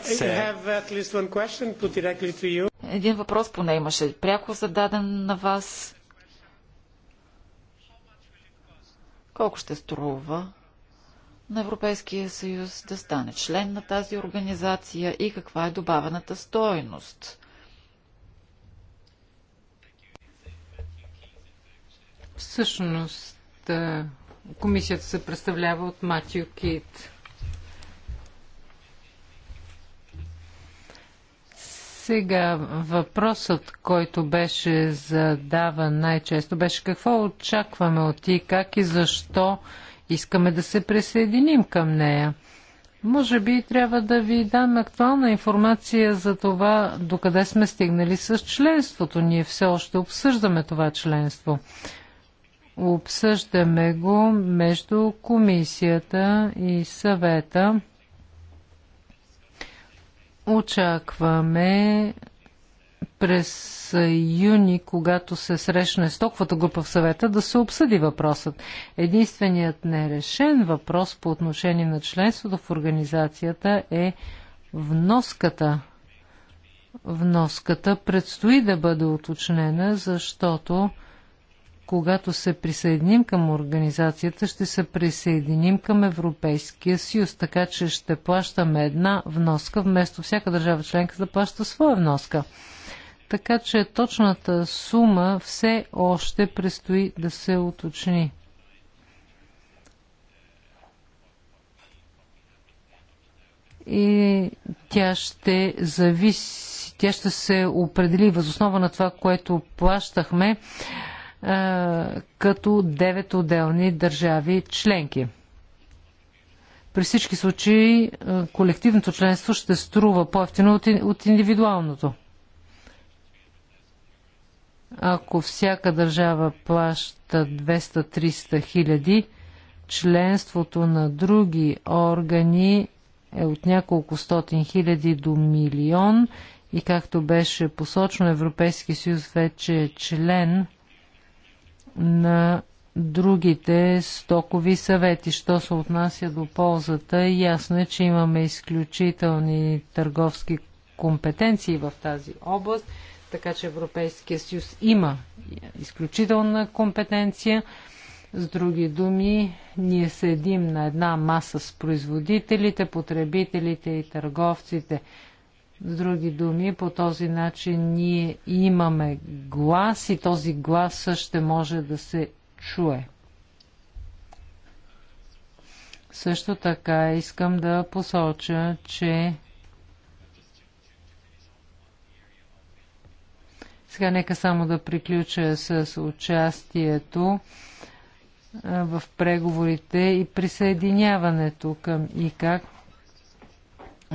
uh, Един въпрос поне имаше, пряко зададен на вас. Колко ще струва на Европейския съюз да стане член на тази организация и каква е добавената стойност? Всъщност, комисията се представлява от Матио Кит. Сега въпросът, който беше задаван най-често, беше какво очакваме от и как и защо искаме да се присъединим към нея. Може би трябва да ви дам актуална информация за това, докъде сме стигнали с членството. Ние все още обсъждаме това членство. Обсъждаме го между комисията и съвета Очакваме през юни, когато се срещне стоковата група в съвета, да се обсъди въпросът. Единственият нерешен въпрос по отношение на членството в организацията е вноската. Вноската предстои да бъде уточнена, защото когато се присъединим към организацията, ще се присъединим към Европейския съюз, така че ще плащаме една вноска, вместо всяка държава членка да плаща своя вноска. Така че точната сума все още предстои да се уточни. И тя ще зависи, тя ще се определи възоснова на това, което плащахме е, като 9 отделни държави членки. При всички случаи е, колективното членство ще струва по-ефтино от индивидуалното. Ако всяка държава плаща 200-300 хиляди, членството на други органи е от няколко стотин хиляди до милион и както беше посочено Европейски съюз вече е член – на другите стокови съвети. Що се отнася до ползата, ясно е, че имаме изключителни търговски компетенции в тази област, така че Европейския съюз има изключителна компетенция. С други думи, ние седим на една маса с производителите, потребителите и търговците. С други думи, по този начин ние имаме глас и този глас ще може да се чуе. Също така искам да посоча, че сега нека само да приключа с участието в преговорите и присъединяването към ИКАК.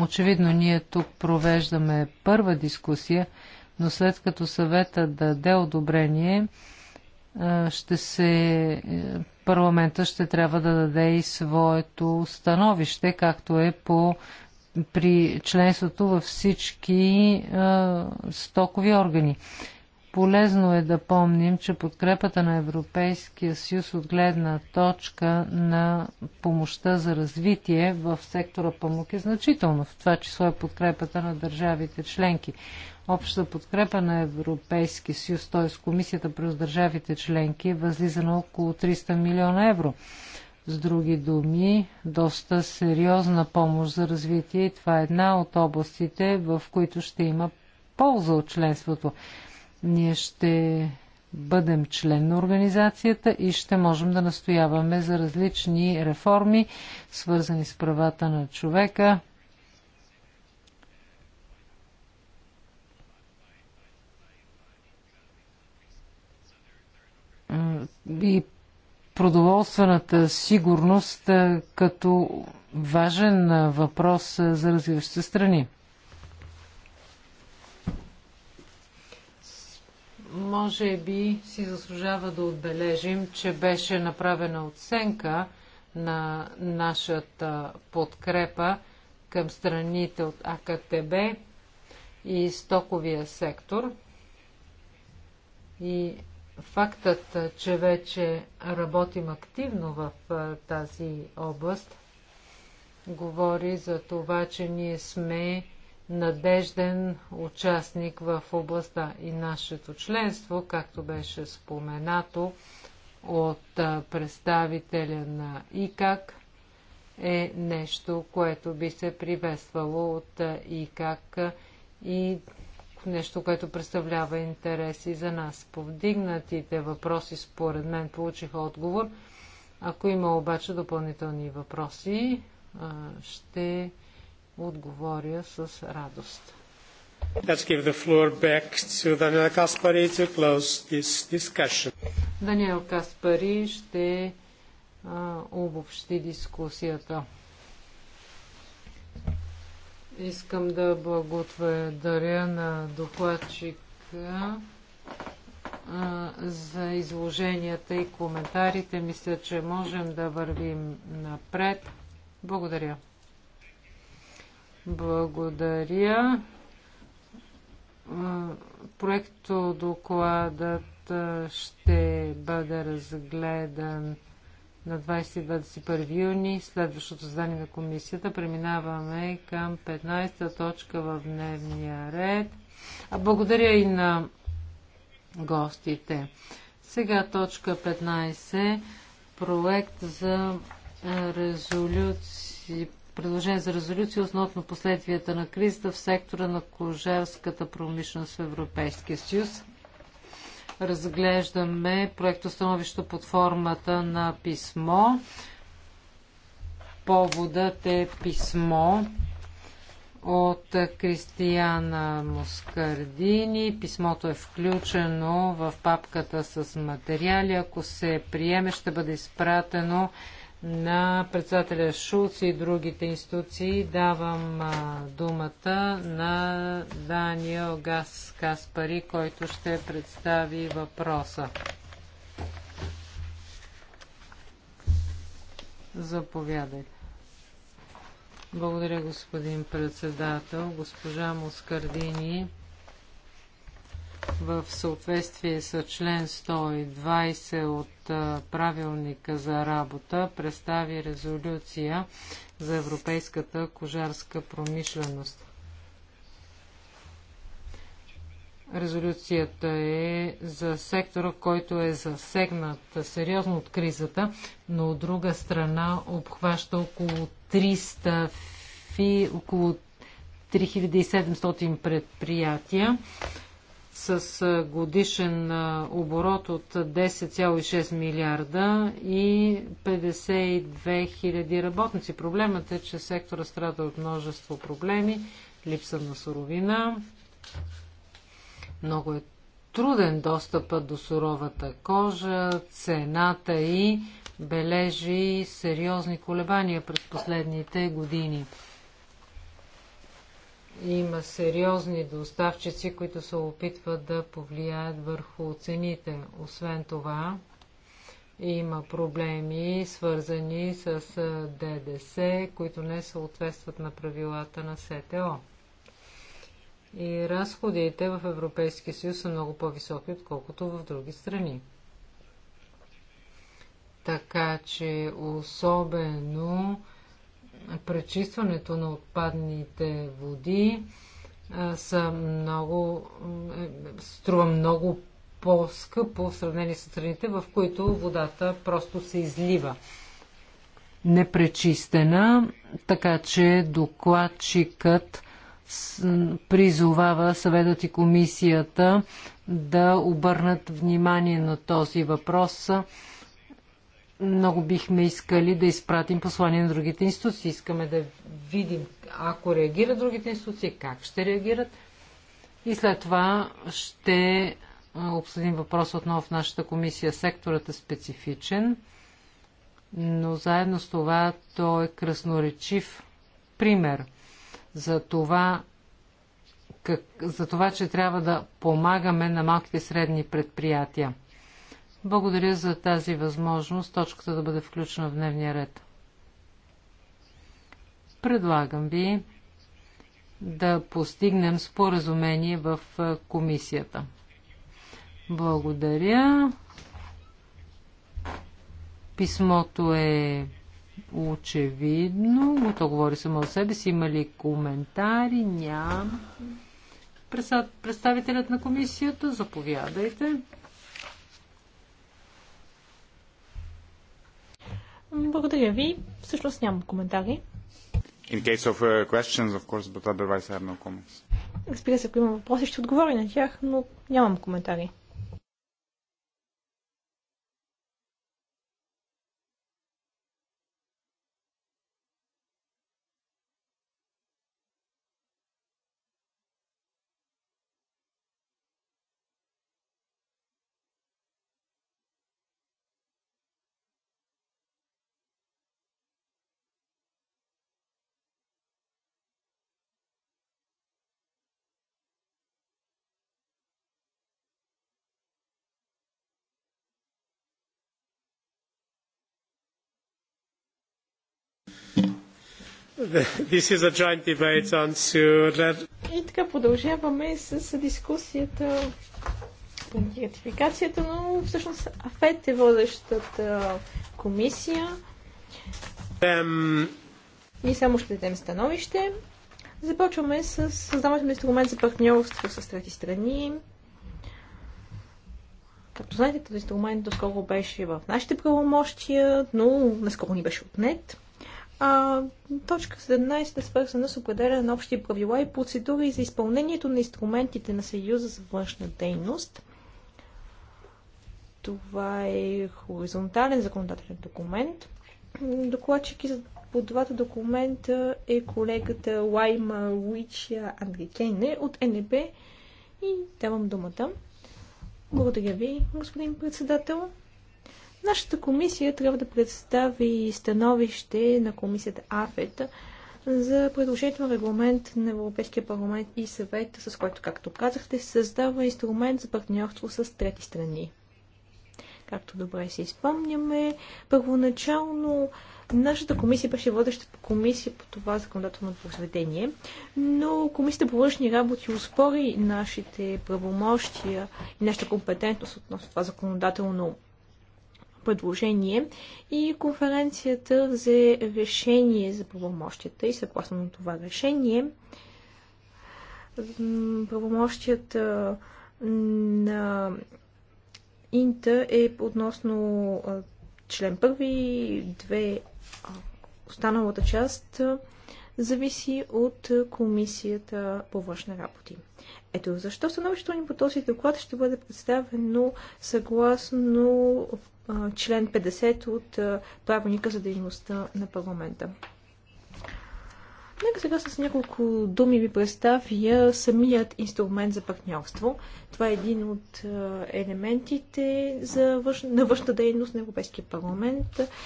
Очевидно, ние тук провеждаме първа дискусия, но след като съвета даде одобрение, ще се, е, парламента ще трябва да даде и своето становище, както е по при членството във всички стокови органи. Полезно е да помним, че подкрепата на Европейския съюз от гледна точка на помощта за развитие в сектора памук е значително. В това число е подкрепата на държавите членки. Общата подкрепа на Европейския съюз, т.е. комисията през държавите членки, възлиза на около 300 милиона евро. С други думи, доста сериозна помощ за развитие и това е една от областите, в които ще има полза от членството. Ние ще бъдем член на организацията и ще можем да настояваме за различни реформи, свързани с правата на човека. И продоволствената сигурност като важен въпрос за развиващите страни. Може би си заслужава да отбележим, че беше направена оценка на нашата подкрепа към страните от АКТБ и стоковия сектор. И фактът, че вече работим активно в тази област, говори за това, че ние сме надежден участник в областта и нашето членство, както беше споменато от представителя на ИКАК, е нещо, което би се приветствало от ИКАК и нещо, което представлява интереси за нас. Повдигнатите въпроси според мен получиха отговор. Ако има обаче допълнителни въпроси, ще отговоря с радост. Let's give the floor back to Daniel Kaspari to close this discussion. Даниел Каспари ще а, обобщи дискусията. Искам да благодаря на докладчика за изложенията и коментарите. Мисля, че можем да вървим напред. Благодаря. Благодаря. Проекто докладът ще бъде разгледан на 20-21 юни, следващото задание на комисията. Преминаваме към 15-та точка в дневния ред. А благодаря и на гостите. Сега точка 15. Проект за резолюция предложение за резолюция относно последствията на кризата в сектора на кожевската промишленост в Европейския съюз. Разглеждаме проектостановището под формата на писмо. Поводът е писмо от Кристияна Москардини. Писмото е включено в папката с материали. Ако се приеме, ще бъде изпратено на председателя Шулц и другите институции. Давам а, думата на Даниел Гас Каспари, който ще представи въпроса. Заповядайте. Благодаря, господин председател. Госпожа Москардини в съответствие с член 120 от правилника за работа представи резолюция за европейската кожарска промишленост. Резолюцията е за сектора, който е засегнат сериозно от кризата, но от друга страна обхваща около 300 фи, около 3700 предприятия с годишен оборот от 10,6 милиарда и 52 хиляди работници. Проблемът е, че сектора страда от множество проблеми, липса на суровина, много е труден достъпът до суровата кожа, цената и бележи сериозни колебания през последните години. Има сериозни доставчици, които се опитват да повлияят върху цените. Освен това, има проблеми, свързани с ДДС, които не съответстват на правилата на СТО. И разходите в Европейския съюз са много по-високи, отколкото в други страни. Така че особено пречистването на отпадните води са много, е, струва много по-скъпо в сравнение с страните, в които водата просто се излива непречистена, така че докладчикът призовава съветът и комисията да обърнат внимание на този въпрос много бихме искали да изпратим послание на другите институции. Искаме да видим, ако реагират другите институции, как ще реагират. И след това ще обсъдим въпрос отново в нашата комисия. Секторът е специфичен, но заедно с това той е красноречив пример за това, как, за това, че трябва да помагаме на малките средни предприятия – благодаря за тази възможност точката да бъде включена в дневния ред. Предлагам ви да постигнем споразумение в комисията. Благодаря. Писмото е очевидно. То говори само за себе си. Има ли коментари? Няма. Представителят на комисията, заповядайте. Благодаря ви. Всъщност нямам коментари. In case of uh, questions, of course, but otherwise I have no comments. Разбира се, ако има въпроси, ще отговоря на тях, но нямам коментари. И така продължаваме с дискусията по ратификацията, но всъщност АФЕТ е водещата комисия. Um... Ние само ще дадем становище. Започваме с създаването на инструмент за партньорство с трети страни. Както знаете, този инструмент доскоро беше в нашите правомощия, но наскоро ни беше отнет. А, точка 17 е свързана с определяне на общи правила и процедури за изпълнението на инструментите на Съюза за външна дейност. Това е хоризонтален законодателен документ. Докладчик и по двата документа е колегата Лайма Уичия Андрикейне от НБ и давам думата. Благодаря ви, господин председател. Нашата комисия трябва да представи становище на комисията АФЕТ за предложението на регламент на Европейския парламент и съвет, с който, както казахте, създава инструмент за партньорство с трети страни. Както добре се изпомняме, първоначално Нашата комисия беше водеща по комисия по това законодателно произведение, но комисията по външни работи успори нашите правомощия и нашата компетентност относно това законодателно предложение и конференцията взе решение за правомощията и съгласно на това решение правомощията на Инта е относно член първи, две останалата част зависи от комисията по външни работи. Ето защо становището ни по този доклад ще бъде представено съгласно член 50 от правилника за дейността на парламента. Нека сега с няколко думи ви представя самият инструмент за партньорство. Това е един от елементите за въж... на външна дейност на Европейския парламент.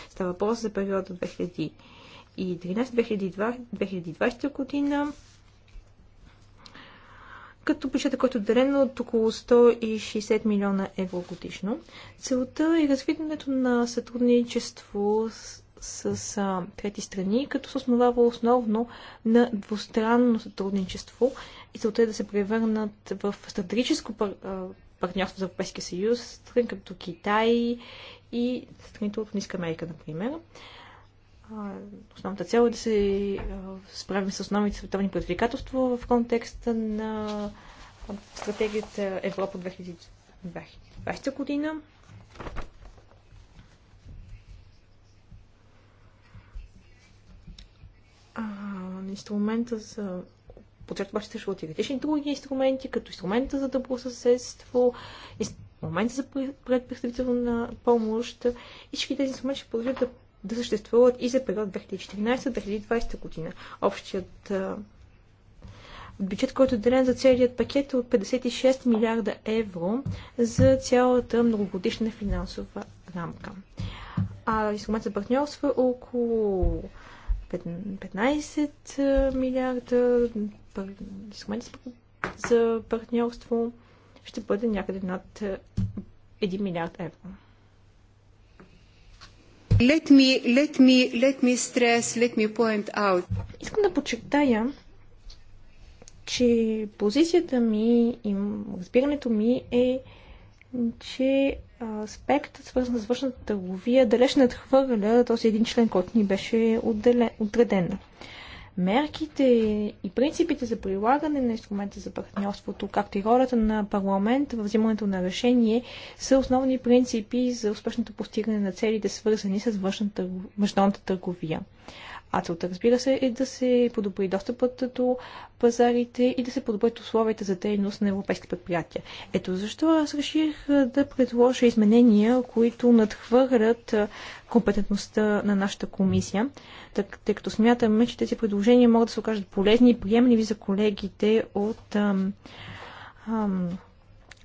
Става въпрос за периода 2013-2020 година като бюджета, който е делен от около 160 милиона евро годишно. Целта е развитието на сътрудничество с, с, с трети страни, като се основава основно на двустранно сътрудничество и целта е да се превърнат в стратегическо пар, партньорство за Европейския съюз, страни като Китай и страните от Ниска Америка, например. Основната цел е да се справим с основните световни предизвикателства в контекста на стратегията Европа 2020 година. инструмента за подчерта обаче съществуват и други инструменти, като инструмента за съседство, инструмента за предпредставителна помощ. И всички тези инструменти ще продължат да да съществуват и за период 2014-2020 година. Общият бюджет, който е делен за целият пакет е от 56 милиарда евро за цялата многогодишна финансова рамка. А инструмент за партньорство е около 15 милиарда, инструмент за партньорство ще бъде някъде над 1 милиард евро. Let me, let me, let me stress, let me point out. Искам да подчертая, че позицията ми и разбирането ми е, че аспектът, свързан с външната търговия, далеч надхвърля този един член, който ни беше отделен, отреден мерките и принципите за прилагане на инструмента за партньорството, както и ролята на парламент в взимането на решение, са основни принципи за успешното постигане на целите, свързани с външната търговия. А целта, разбира се, е да се подобри достъпът до пазарите и да се подобрят условията за дейност на европейски предприятия. Ето защо аз реших да предложа изменения, които надхвърлят компетентността на нашата комисия, тъй като смятаме, че тези предложения могат да се окажат полезни и приемливи за колегите от ам, ам,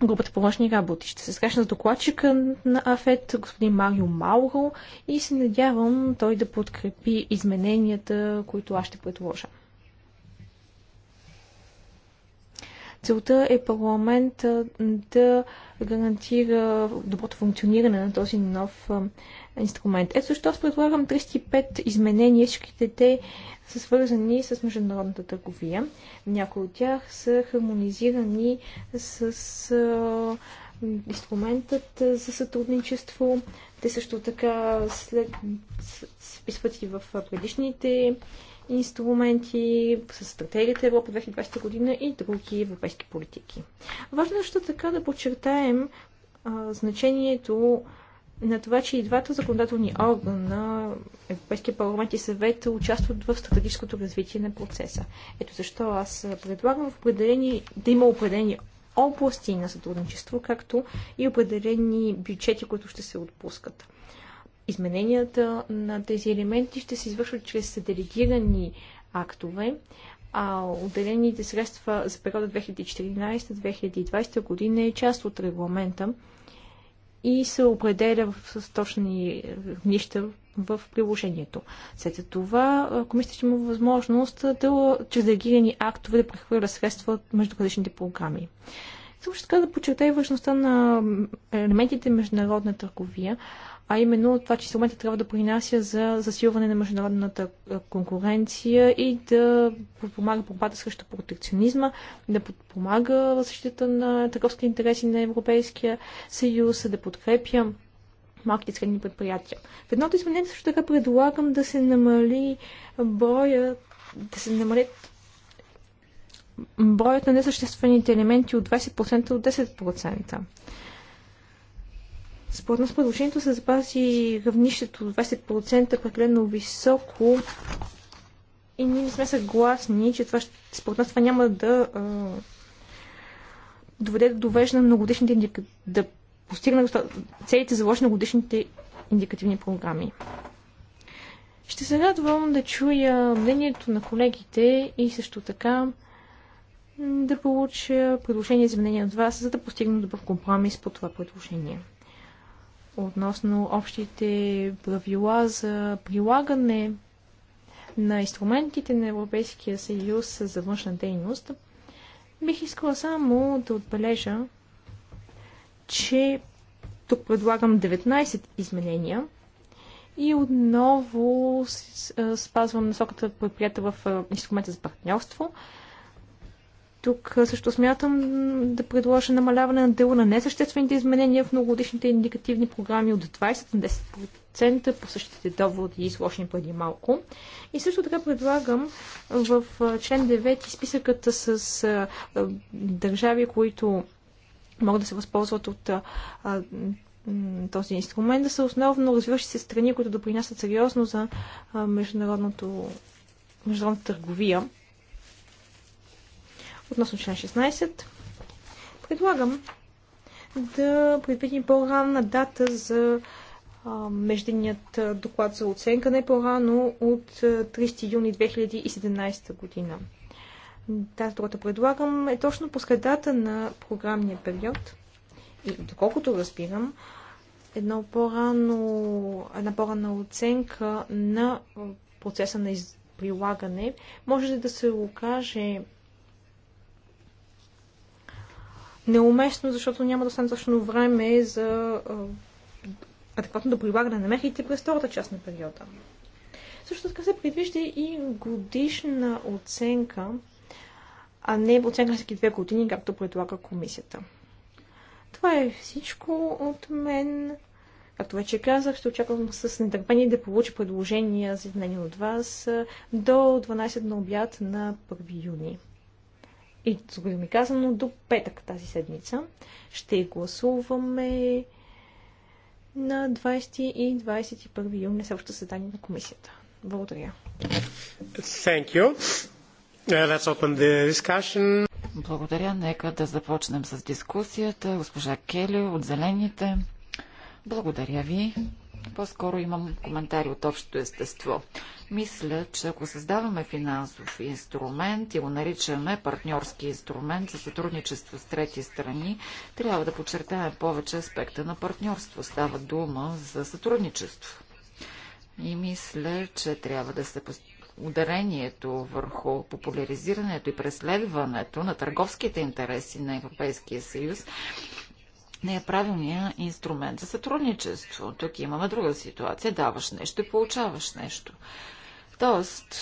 групата по работи. Ще се срещна с докладчика на АФЕТ, господин Марио Мауро, и се надявам той да подкрепи измененията, които аз ще предложа. Целта е парламент да гарантира доброто функциониране на този нов инструмент. Ето защо аз предлагам 35 изменения. Всичките те са свързани с международната търговия. Някои от тях са хармонизирани с инструментът за сътрудничество. Те също така след, се вписват и в предишните инструменти, с стратегията Европа 2020 година и други европейски политики. Важно е така да подчертаем а, значението на това, че и двата законодателни органа, Европейския парламент и съвет, участват в стратегическото развитие на процеса. Ето защо аз предлагам определени, да има определени области на сътрудничество, както и определени бюджети, които ще се отпускат. Измененията на тези елементи ще се извършват чрез делегирани актове, а отделените средства за периода 2014-2020 година е част от регламента и се определя в точни нища в приложението. След това комисията ще има възможност да чрез делегирани актове да прехвърля средства между различните програми. Също така да подчертая важността на елементите международна търговия а именно това, че инструментът трябва да принася за засилване на международната конкуренция и да подпомага борбата срещу протекционизма, да подпомага защитата на търговски интереси на Европейския съюз, да подкрепя малките и средни предприятия. В едното изменение също така предлагам да се намали броя, да се намалят броят на несъществените елементи от 20% от 10%. Според нас предложението се запази равнището 20% прекалено високо и ние не сме съгласни, че това, според нас това няма да а, доведе до довеждане на годишните индикативни да постигне целите заложени на годишните индикативни програми. Ще се радвам да чуя мнението на колегите и също така да получа предложение за мнение от вас, за да постигна добър компромис по това предложение относно общите правила за прилагане на инструментите на Европейския съюз за външна дейност, бих искала само да отбележа, че тук предлагам 19 изменения и отново спазвам насоката предприята в инструмента за партньорство, тук също смятам да предложа намаляване на дела на несъществените изменения в многогодишните индикативни програми от 20 на 10% по същите доводи, изложени преди малко. И също така предлагам в член 9 списъкът с държави, които могат да се възползват от този инструмент, да са основно развиващи се страни, които допринасят сериозно за международното, международната търговия. Относно член 16, предлагам да предвидим по-ранна дата за междинният доклад за оценка не по-рано от 30 юни 2017 година. Тази другата предлагам е точно по средата на програмния период. И доколкото разбирам, едно по-рано, една по-рана оценка на процеса на прилагане може да се окаже неуместно, защото няма да стане точно време за адекватно да прилагане на мерките през втората част на периода. Също така се предвижда и годишна оценка, а не оценка на всеки две години, както предлага комисията. Това е всичко от мен. Както вече казах, ще очаквам с нетърпение да получа предложения за изменение от вас до 12 на обяд на 1 юни и с ми казано до петък тази седмица. Ще гласуваме на 20 и 21 юни следващото съседание на комисията. Благодаря. Thank you. Uh, Let's open the discussion. Благодаря. Нека да започнем с дискусията. Госпожа Кели от Зелените. Благодаря ви. По-скоро имам коментари от общото естество. Мисля, че ако създаваме финансов инструмент и го наричаме партньорски инструмент за сътрудничество с трети страни, трябва да подчертаем повече аспекта на партньорство. Става дума за сътрудничество. И мисля, че трябва да се ударението върху популяризирането и преследването на търговските интереси на Европейския съюз не е правилният инструмент за сътрудничество. Тук имаме друга ситуация. Даваш нещо и получаваш нещо. Тоест,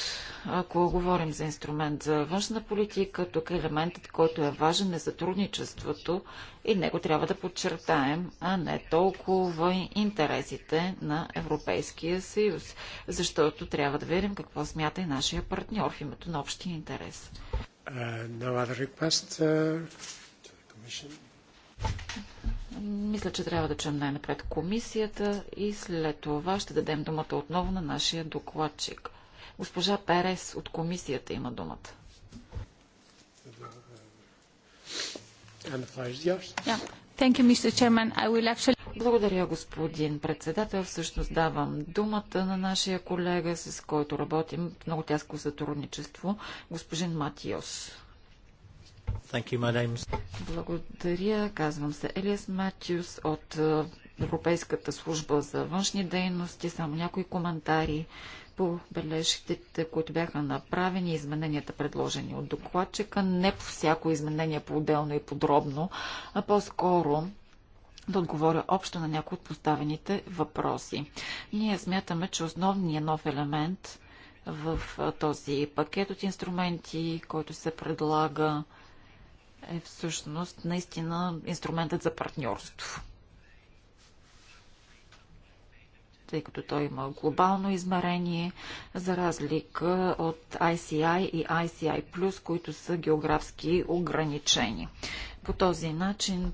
ако говорим за инструмент за външна политика, тук е елементът, който е важен е сътрудничеството и него трябва да подчертаем, а не толкова интересите на Европейския съюз, защото трябва да видим какво смята и нашия партньор в името на общия интерес. Е, uh, no е, мисля, че трябва да чуем най-напред комисията и след това ще дадем думата отново на нашия докладчик. Госпожа Перес от комисията има думата. Благодаря, господин председател. Всъщност давам думата на нашия колега, с който работим в много тяско сътрудничество, господин Матиос. You, Благодаря. Казвам се Елиас Матюс от е, Европейската служба за външни дейности. Само някои коментари по бележките, които бяха направени, измененията предложени от докладчика. Не по всяко изменение по-отделно и подробно, а по-скоро да отговоря общо на някои от поставените въпроси. Ние смятаме, че основният нов елемент в е, този пакет от инструменти, който се предлага е всъщност наистина инструментът за партньорство. тъй като той има глобално измерение, за разлика от ICI и ICI+, които са географски ограничени. По този начин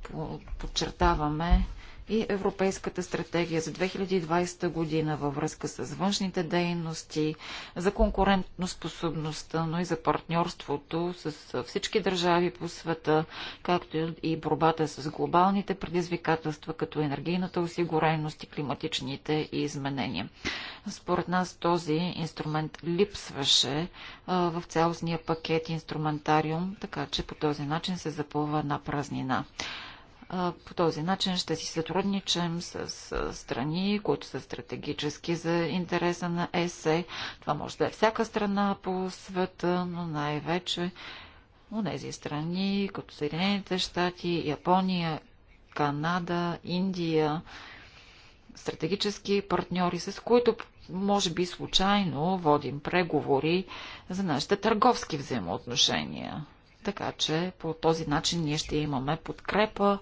подчертаваме и Европейската стратегия за 2020 година във връзка с външните дейности, за конкурентноспособността, но и за партньорството с всички държави по света, както и борбата с глобалните предизвикателства, като енергийната осигуреност и климатичните изменения. Според нас този инструмент липсваше в цялостния пакет инструментариум, така че по този начин се запълва една празнина. По този начин ще си сътрудничим с страни, които са стратегически за интереса на ЕСЕ. Това може да е всяка страна по света, но най-вече у тези страни, като Съединените щати, Япония, Канада, Индия, стратегически партньори, с които може би случайно водим преговори за нашите търговски взаимоотношения. Така че по този начин ние ще имаме подкрепа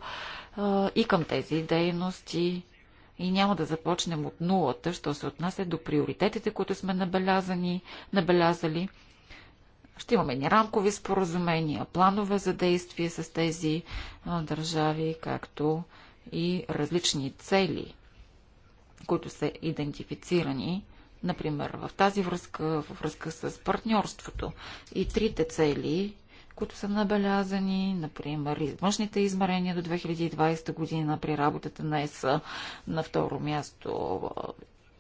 а, и към тези дейности и няма да започнем от нулата, що се отнася до приоритетите, които сме набелязани, набелязали. Ще имаме ни рамкови споразумения, планове за действие с тези а, държави, както и различни цели, които са идентифицирани. Например, в тази връзка, във връзка с партньорството. И трите цели които са набелязани, например, външните измерения до 2020 година при работата на ЕС, на второ място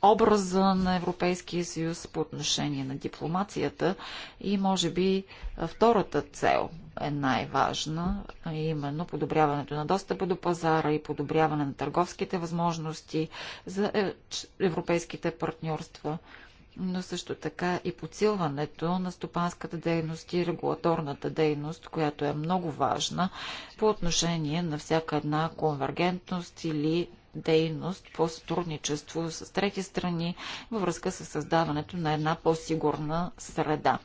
образа на Европейския съюз по отношение на дипломацията и може би втората цел е най-важна, именно подобряването на достъпа до пазара и подобряване на търговските възможности за е, европейските партньорства но също така и подсилването на стопанската дейност и регулаторната дейност, която е много важна по отношение на всяка една конвергентност или дейност по сътрудничество с трети страни във връзка с създаването на една по-сигурна среда.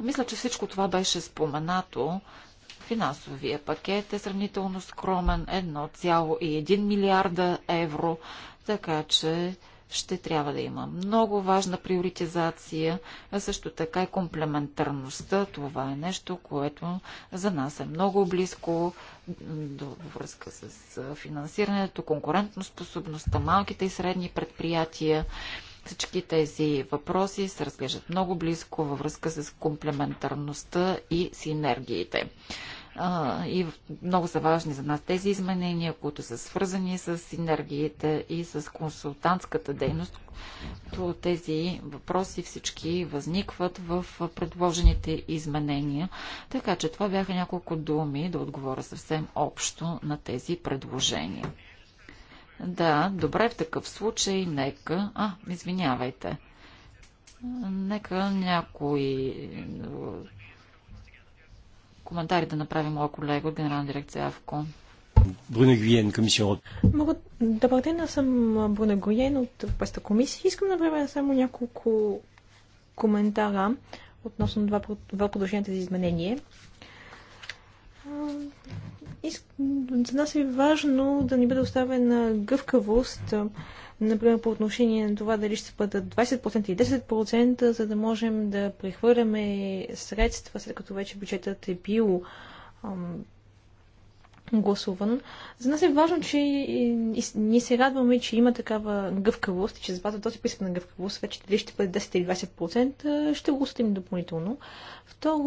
Мисля, че всичко това беше споменато. Финансовия пакет е сравнително скромен 1,1 милиарда евро, така че ще трябва да има много важна приоритизация, а също така и комплементарността. Това е нещо, което за нас е много близко до връзка с финансирането, конкурентоспособността, малките и средни предприятия. Всички тези въпроси се разглеждат много близко във връзка с комплементарността и синергиите а, и много са важни за нас тези изменения, които са свързани с синергиите и с консултантската дейност. То тези въпроси всички възникват в предложените изменения. Така че това бяха няколко думи да отговоря съвсем общо на тези предложения. Да, добре в такъв случай, нека... А, извинявайте. Нека някой коментари да направи моя колега от Генерална дирекция АВКО. Бруно Гуиен, комисия. Добър ден, аз съм Бруно от Европейската комисия. Искам да направя само няколко коментара относно два, два за изменение. За нас е важно да ни бъде оставена гъвкавост например по отношение на това дали ще бъдат 20% и 10%, за да можем да прехвърляме средства, след като вече бюджетът е бил гласуван. За нас е важно, че ние се радваме, че има такава гъвкавост и че за този писък на гъвкавост вече дали ще бъде 10 или 20%, ще го стим допълнително. Второ,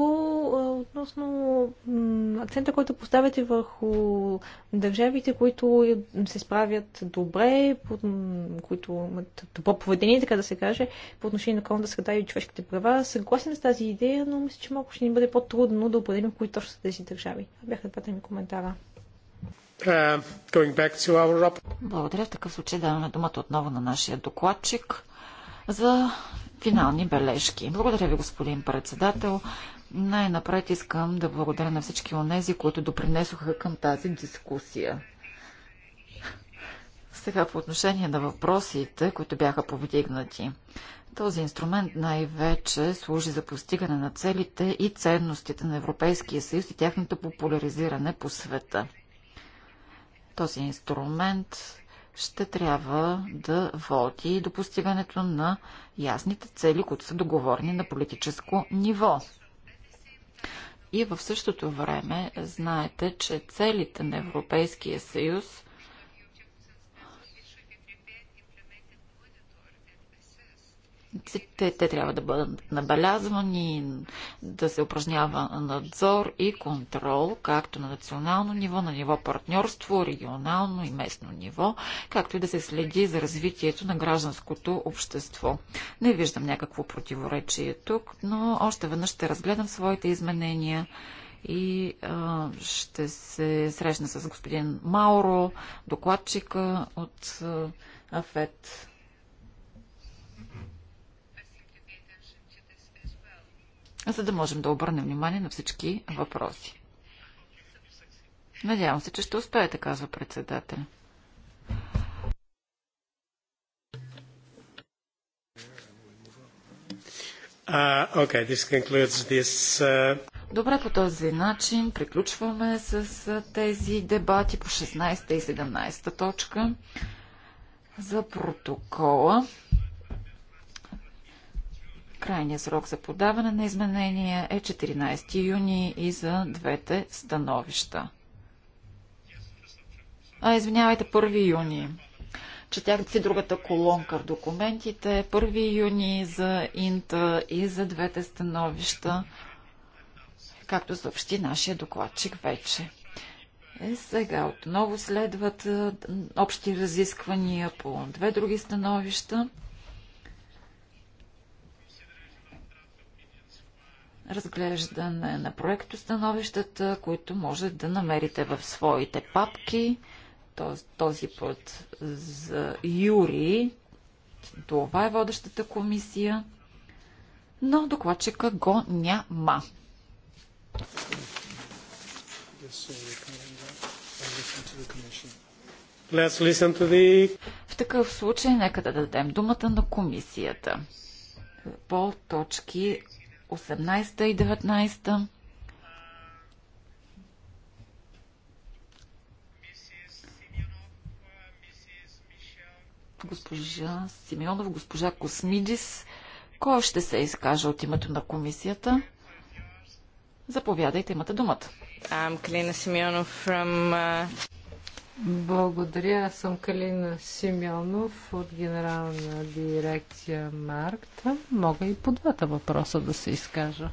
относно акцента, който поставяте върху държавите, които се справят добре, които имат добро поведение, така да се каже, по отношение на околната среда и човешките права. Съгласен с тази идея, но мисля, че малко ще ни бъде по-трудно да определим кои точно са тези държави. Бяха двата ми коментара. Uh, благодаря. В такъв случай даваме думата отново на нашия докладчик за финални бележки. Благодаря ви, господин председател. Най-напред искам да благодаря на всички онези, които допринесоха към тази дискусия. Сега по отношение на въпросите, които бяха повдигнати. Този инструмент най-вече служи за постигане на целите и ценностите на Европейския съюз и тяхното популяризиране по света. Този инструмент ще трябва да води до постигането на ясните цели, които са договорни на политическо ниво. И в същото време знаете, че целите на Европейския съюз те, те трябва да бъдат набелязвани, да се упражнява надзор и контрол, както на национално ниво, на ниво партньорство, регионално и местно ниво, както и да се следи за развитието на гражданското общество. Не виждам някакво противоречие тук, но още веднъж ще разгледам своите изменения и а, ще се срещна с господин Мауро, докладчика от а, АФЕТ. за да можем да обърнем внимание на всички въпроси. Надявам се, че ще успеете, казва председателя. Uh, okay, this this, uh... Добре, по този начин приключваме с тези дебати по 16 и 17 точка за протокола. Крайният срок за подаване на изменения е 14 юни и за двете становища. А, извинявайте, 1 юни. Четях си другата колонка в документите. 1 юни за Инта и за двете становища, както съобщи нашия докладчик вече. Е, сега отново следват общи разисквания по две други становища. разглеждане на проектостановищата, които може да намерите в своите папки. Този, път за Юри. Това е водещата комисия. Но докладчика го няма. The... В такъв случай нека да дадем думата на комисията по точки 18 и 19. Госпожа Симеонов, госпожа Космидис. Кой ще се изкаже от името на комисията? Заповядайте, имате думата. I'm Клина Симеонов from... Uh, благодаря. Аз съм Калина Симеонов от Генерална дирекция Маркт. Мога и по двата въпроса да се изкажа.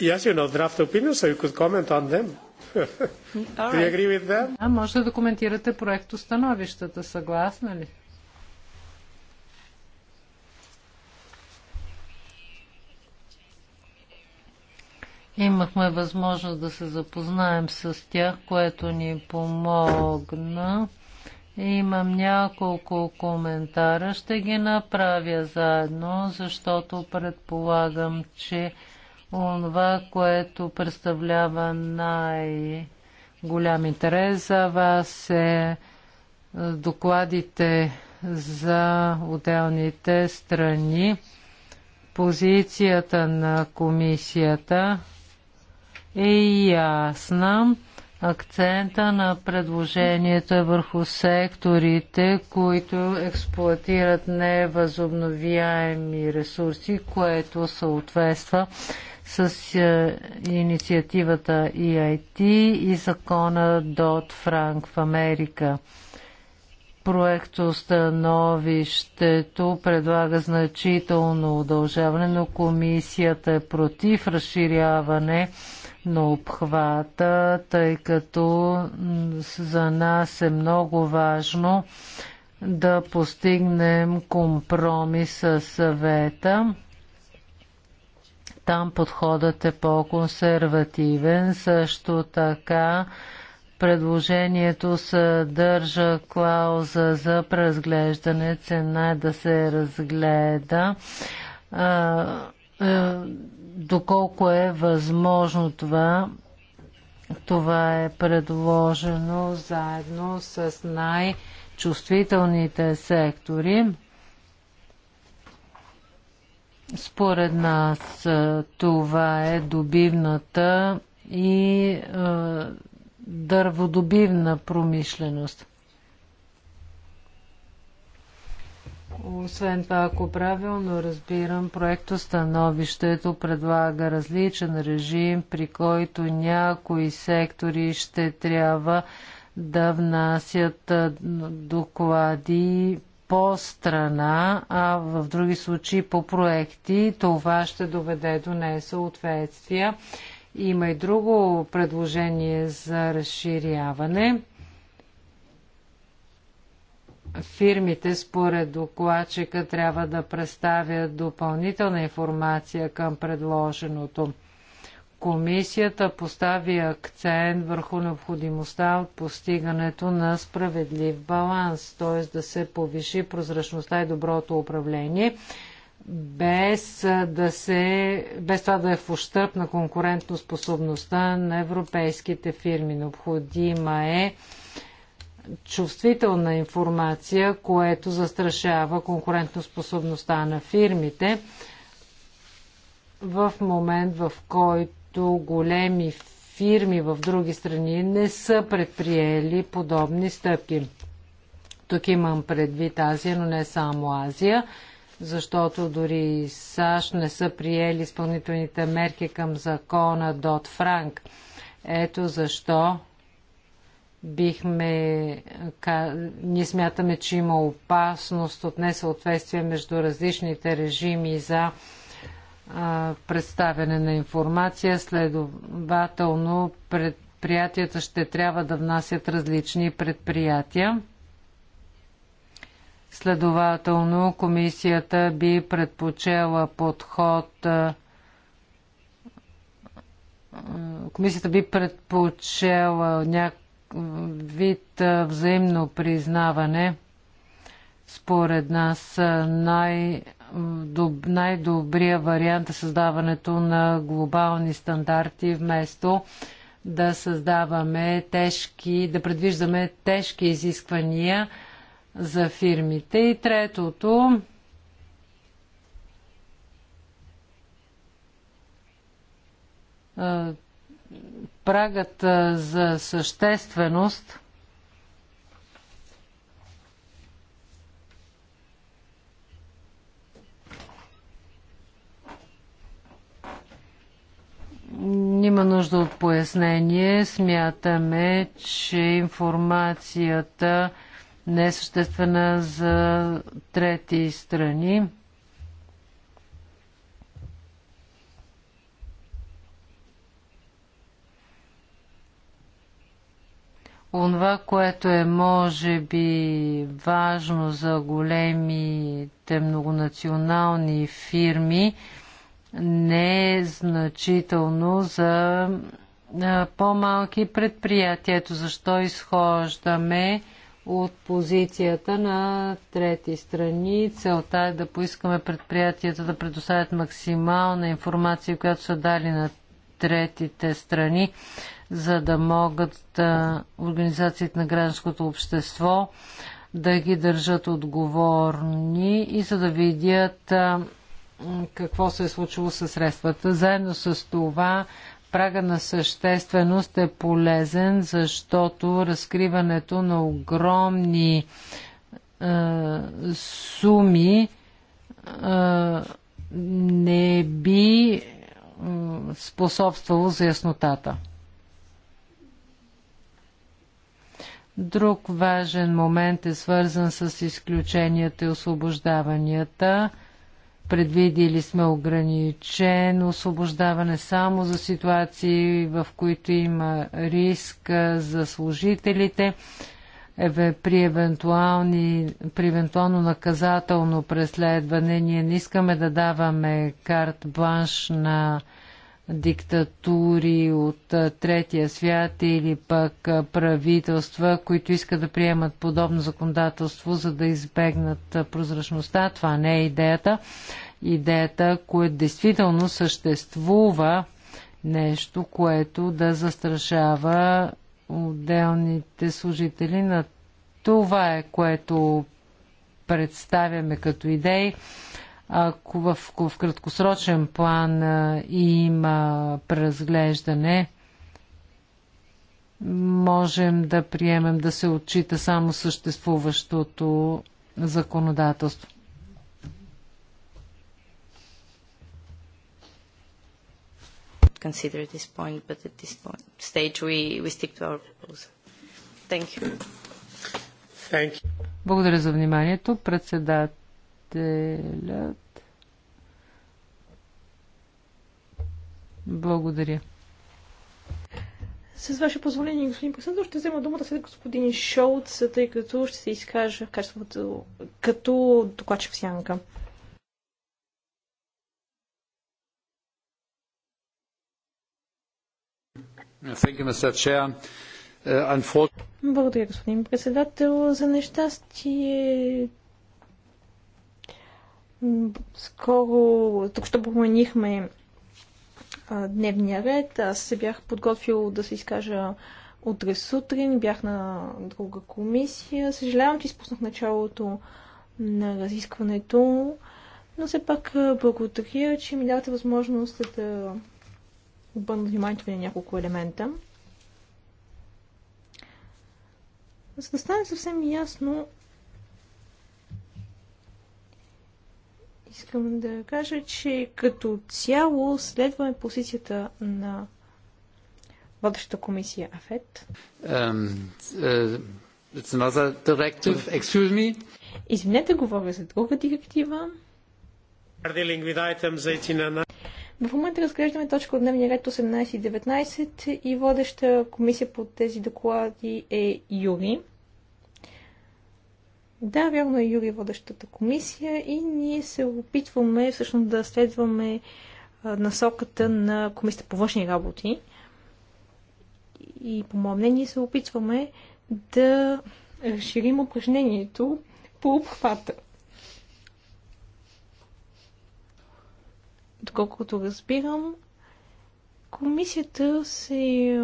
И аз имам draft opinions, so you could comment on them. Do you agree with them? А, може да коментирате проекто становищата, съгласна ли? Имахме възможност да се запознаем с тях, което ни помогна. Имам няколко коментара. Ще ги направя заедно, защото предполагам, че онова, което представлява най-голям интерес за вас е докладите за отделните страни, позицията на комисията е ясна. Акцента на предложението е върху секторите, които експлуатират невъзобновяеми ресурси, което съответства с е, инициативата EIT и закона Дот Франк в Америка. Проектостановището предлага значително удължаване, но комисията е против разширяване на обхвата, тъй като за нас е много важно да постигнем компромис с съвета. Там подходът е по-консервативен. Също така предложението съдържа клауза за преразглеждане. Цена е да се разгледа доколко е възможно това. Това е предложено заедно с най-чувствителните сектори. Според нас това е добивната и е, дърводобивна промишленост. Освен това, ако правилно разбирам, проектостановището предлага различен режим, при който някои сектори ще трябва да внасят доклади по страна, а в други случаи по проекти. Това ще доведе до несъответствия. Има и друго предложение за разширяване – фирмите, според докладчика, трябва да представят допълнителна информация към предложеното. Комисията постави акцент върху необходимостта от постигането на справедлив баланс, т.е. да се повиши прозрачността и доброто управление, без, да се, без това да е в ущърп на конкурентоспособността на европейските фирми. Необходима е чувствителна информация, което застрашава конкурентоспособността на фирмите в момент, в който големи фирми в други страни не са предприели подобни стъпки. Тук имам предвид Азия, но не само Азия, защото дори САЩ не са приели изпълнителните мерки към закона Дот Франк. Ето защо бихме, ние смятаме, че има опасност от несъответствие между различните режими за представяне на информация. Следователно, предприятията ще трябва да внасят различни предприятия. Следователно, комисията би предпочела подход Комисията би предпочела някакъв вид взаимно признаване, според нас най- доб, най-добрия вариант е създаването на глобални стандарти вместо да създаваме тежки, да предвиждаме тежки изисквания за фирмите. И третото, прагът за същественост Има нужда от пояснение. Смятаме, че информацията не е съществена за трети страни. Онова, което е може би важно за големите многонационални фирми, не е значително за по-малки предприятия. Ето защо изхождаме от позицията на трети страни. Целта е да поискаме предприятията да предоставят максимална информация, която са дали на третите страни, за да могат организациите на гражданското общество да ги държат отговорни и за да видят какво се е случило с средствата. Заедно с това прага на същественост е полезен, защото разкриването на огромни е, суми е, не би способствало за яснотата. Друг важен момент е свързан с изключенията и освобождаванията. Предвидили сме ограничено освобождаване само за ситуации, в които има риск за служителите е при, евентуални, при евентуално наказателно преследване. Ние не искаме да даваме карт бланш на диктатури от третия свят или пък правителства, които искат да приемат подобно законодателство, за да избегнат прозрачността. Това не е идеята. Идеята, което действително съществува нещо, което да застрашава отделните служители на това е, което представяме като идеи. Ако в, в краткосрочен план има преразглеждане, можем да приемем да се отчита само съществуващото законодателство. consider this point, but at this point, stage we, we stick to our proposal. Thank you. Thank you. Благодаря за вниманието. Председателят. Благодаря. С ваше позволение, господин председател, ще взема думата след господин Шоуц, тъй като ще се изкажа в качеството като докладчик в сянка. Uh, благодаря, господин председател. За нещастие скоро, току що променихме дневния ред. Аз се бях подготвил да се изкажа утре сутрин, бях на друга комисия. Съжалявам, че изпуснах началото на разискването, но все пак благодаря, че ми давате възможност да обърна вниманието на няколко елемента. За да стане съвсем ясно, искам да кажа, че като цяло следваме позицията на водещата комисия АФЕТ. Um, uh, Извинете, говоря за друга директива. В момента разглеждаме точка от дневния ред 18 и 19 и водеща комисия по тези доклади е Юри. Да, вярно е Юри е водещата комисия и ние се опитваме всъщност да следваме насоката на комисията по външни работи. И по мое мнение се опитваме да разширим упражнението по обхвата. Доколкото разбирам, комисията се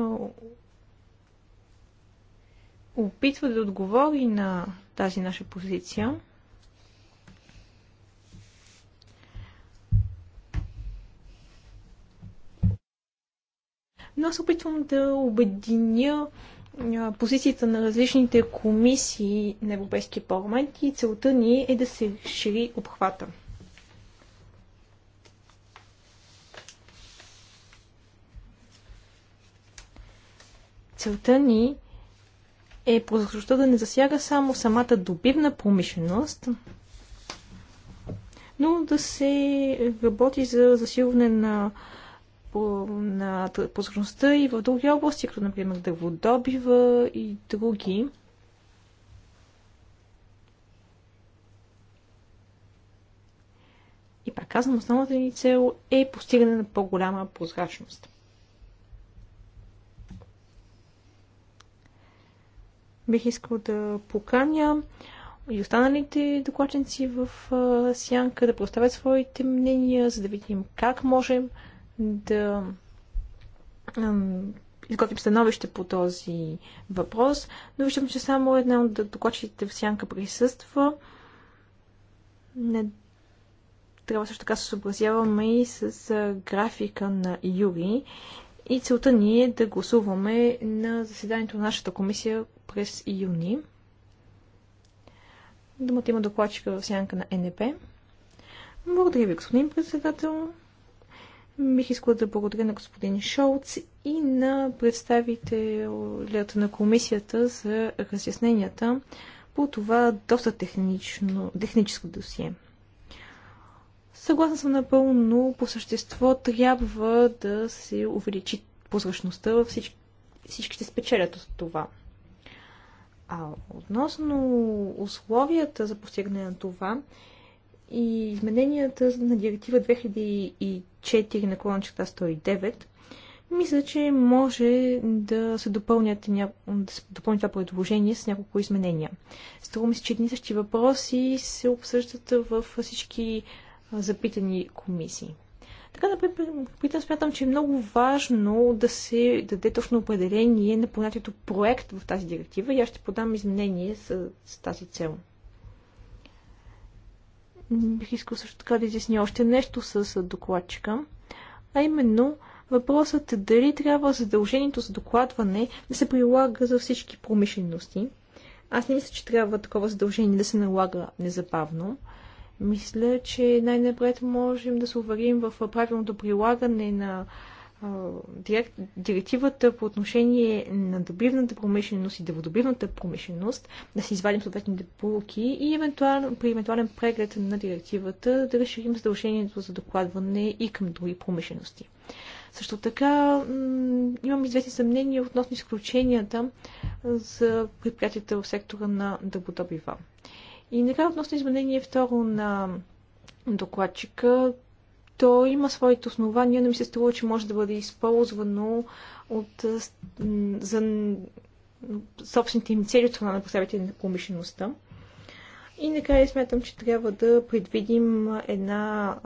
опитва да отговори на тази наша позиция. Но аз опитвам да обединя позицията на различните комисии на Европейския парламент и целта ни е да се шири обхвата. Целта ни е прозрачността да не засяга само самата добивна промишленост, но да се работи за засилване на, на прозрачността и в други области, като например дърводобива и други. И пак казвам, основната ни цел е постигане на по-голяма прозрачност. Бих искал да поканя и останалите докладченци в сянка да поставят своите мнения, за да видим как можем да изготвим становище по този въпрос, но виждам, че само една от докладчите в сянка присъства. Не... Трябва също така се съобразяваме и с графика на Юри. И целта ни е да гласуваме на заседанието на нашата комисия през юни. Думата има докладчика в сянка на НП. Благодаря ви, господин председател. Бих искала да благодаря на господин Шолц и на представителята на комисията за разясненията по това доста технично, техническо досие. Съгласна съм напълно, по същество трябва да се увеличи прозрачността във всички, всичките спечелят от това. А относно условията за постигане на това и измененията на директива 2004 на колончета 109, мисля, че може да се, допълнят, да се допълни това предложение с няколко изменения. Струва ми се, че едни същи въпроси се обсъждат във всички запитани комисии. Така, например, смятам, че е много важно да се даде точно определение на понятието проект в тази директива и аз ще подам изменение с, с тази цел. Бих искал също така да изясня още нещо с докладчика, а именно въпросът е дали трябва задължението за докладване да се прилага за всички промишлености. Аз не мисля, че трябва такова задължение да се налага незабавно. Мисля, че най-напред можем да се уверим в правилното прилагане на директивата по отношение на добивната промишленост и дърводобивната промишленост, да си извадим съответните полуки и евентуално, при евентуален преглед на директивата да разширим задължението за докладване и към други промишлености. Също така имам известни съмнения относно изключенията за предприятията в сектора на дърводобива. Да и нека относно изменение второ на докладчика, то има своите основания, но ми се струва, че може да бъде използвано от, за собствените им цели от страна на представителите на промишлеността. И накрая смятам, че трябва да предвидим една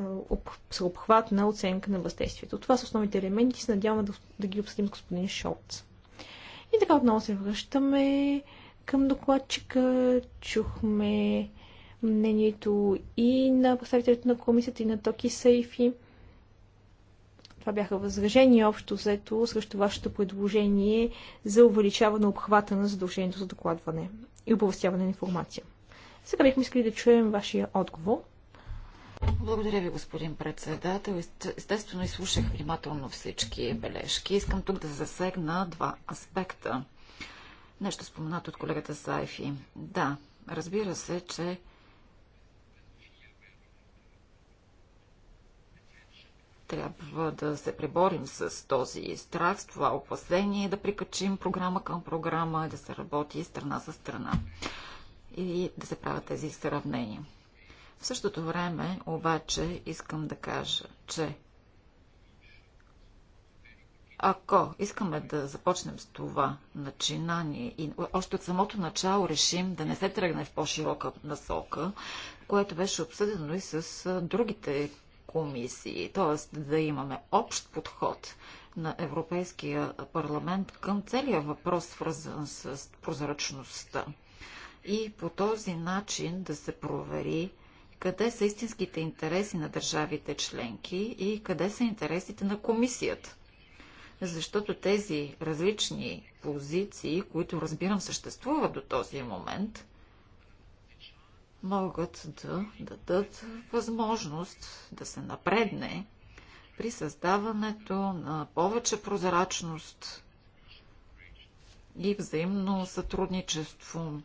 съобхватна оценка на въздействието. Това са основните елементи се надявам да, да ги обсъдим с господин Шолц. И така отново се връщаме към докладчика, чухме мнението и на представителите на комисията, и на Токи Сейфи. Това бяха възражения общо взето срещу вашето предложение за увеличаване обхвата на задължението за докладване и оповестяване на информация. Сега бихме искали да чуем вашия отговор. Благодаря ви, господин председател. Естествено, изслушах внимателно всички бележки. Искам тук да засегна два аспекта. Нещо споменато от колегата Сайфи. Да, разбира се, че трябва да се преборим с този страх, с това опасение, да прикачим програма към програма, да се работи страна за страна и да се правят тези сравнения. В същото време обаче искам да кажа, че ако искаме да започнем с това начинание и още от самото начало решим да не се тръгне в по-широка насока, което беше обсъдено и с другите комисии, т.е. да имаме общ подход на Европейския парламент към целия въпрос, свързан с прозрачността. И по този начин да се провери къде са истинските интереси на държавите членки и къде са интересите на комисията защото тези различни позиции, които разбирам съществуват до този момент, могат да дадат възможност да се напредне при създаването на повече прозрачност и взаимно сътрудничество,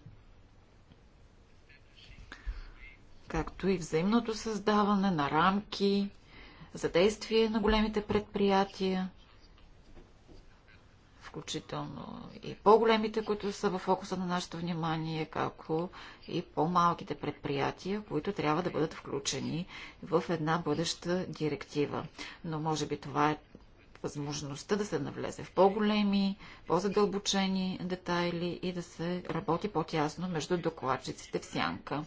както и взаимното създаване на рамки за действие на големите предприятия включително и по-големите, които са в фокуса на нашето внимание, както и по-малките предприятия, които трябва да бъдат включени в една бъдеща директива. Но може би това е възможността да се навлезе в по-големи, по-задълбочени детайли и да се работи по-тясно между докладчиците в сянка.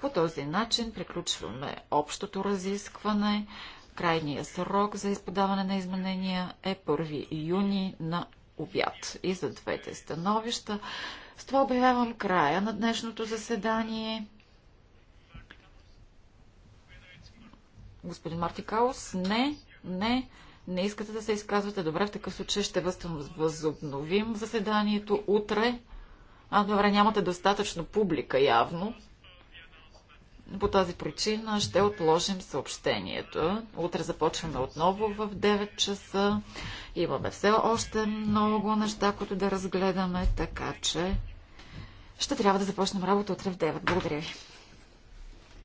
По този начин приключваме общото разискване. Крайният срок за изподаване на изменения е 1 юни на обяд и за двете становища. С това обявявам края на днешното заседание. Господин Марти Каус, не, не, не искате да се изказвате. Добре, в такъв случай ще възобновим заседанието утре. А, добре, нямате достатъчно публика явно. По тази причина ще отложим съобщението. Утре започваме отново в 9 часа. Имаме все още много неща, които да разгледаме, така че ще трябва да започнем работа утре в 9. Благодаря ви.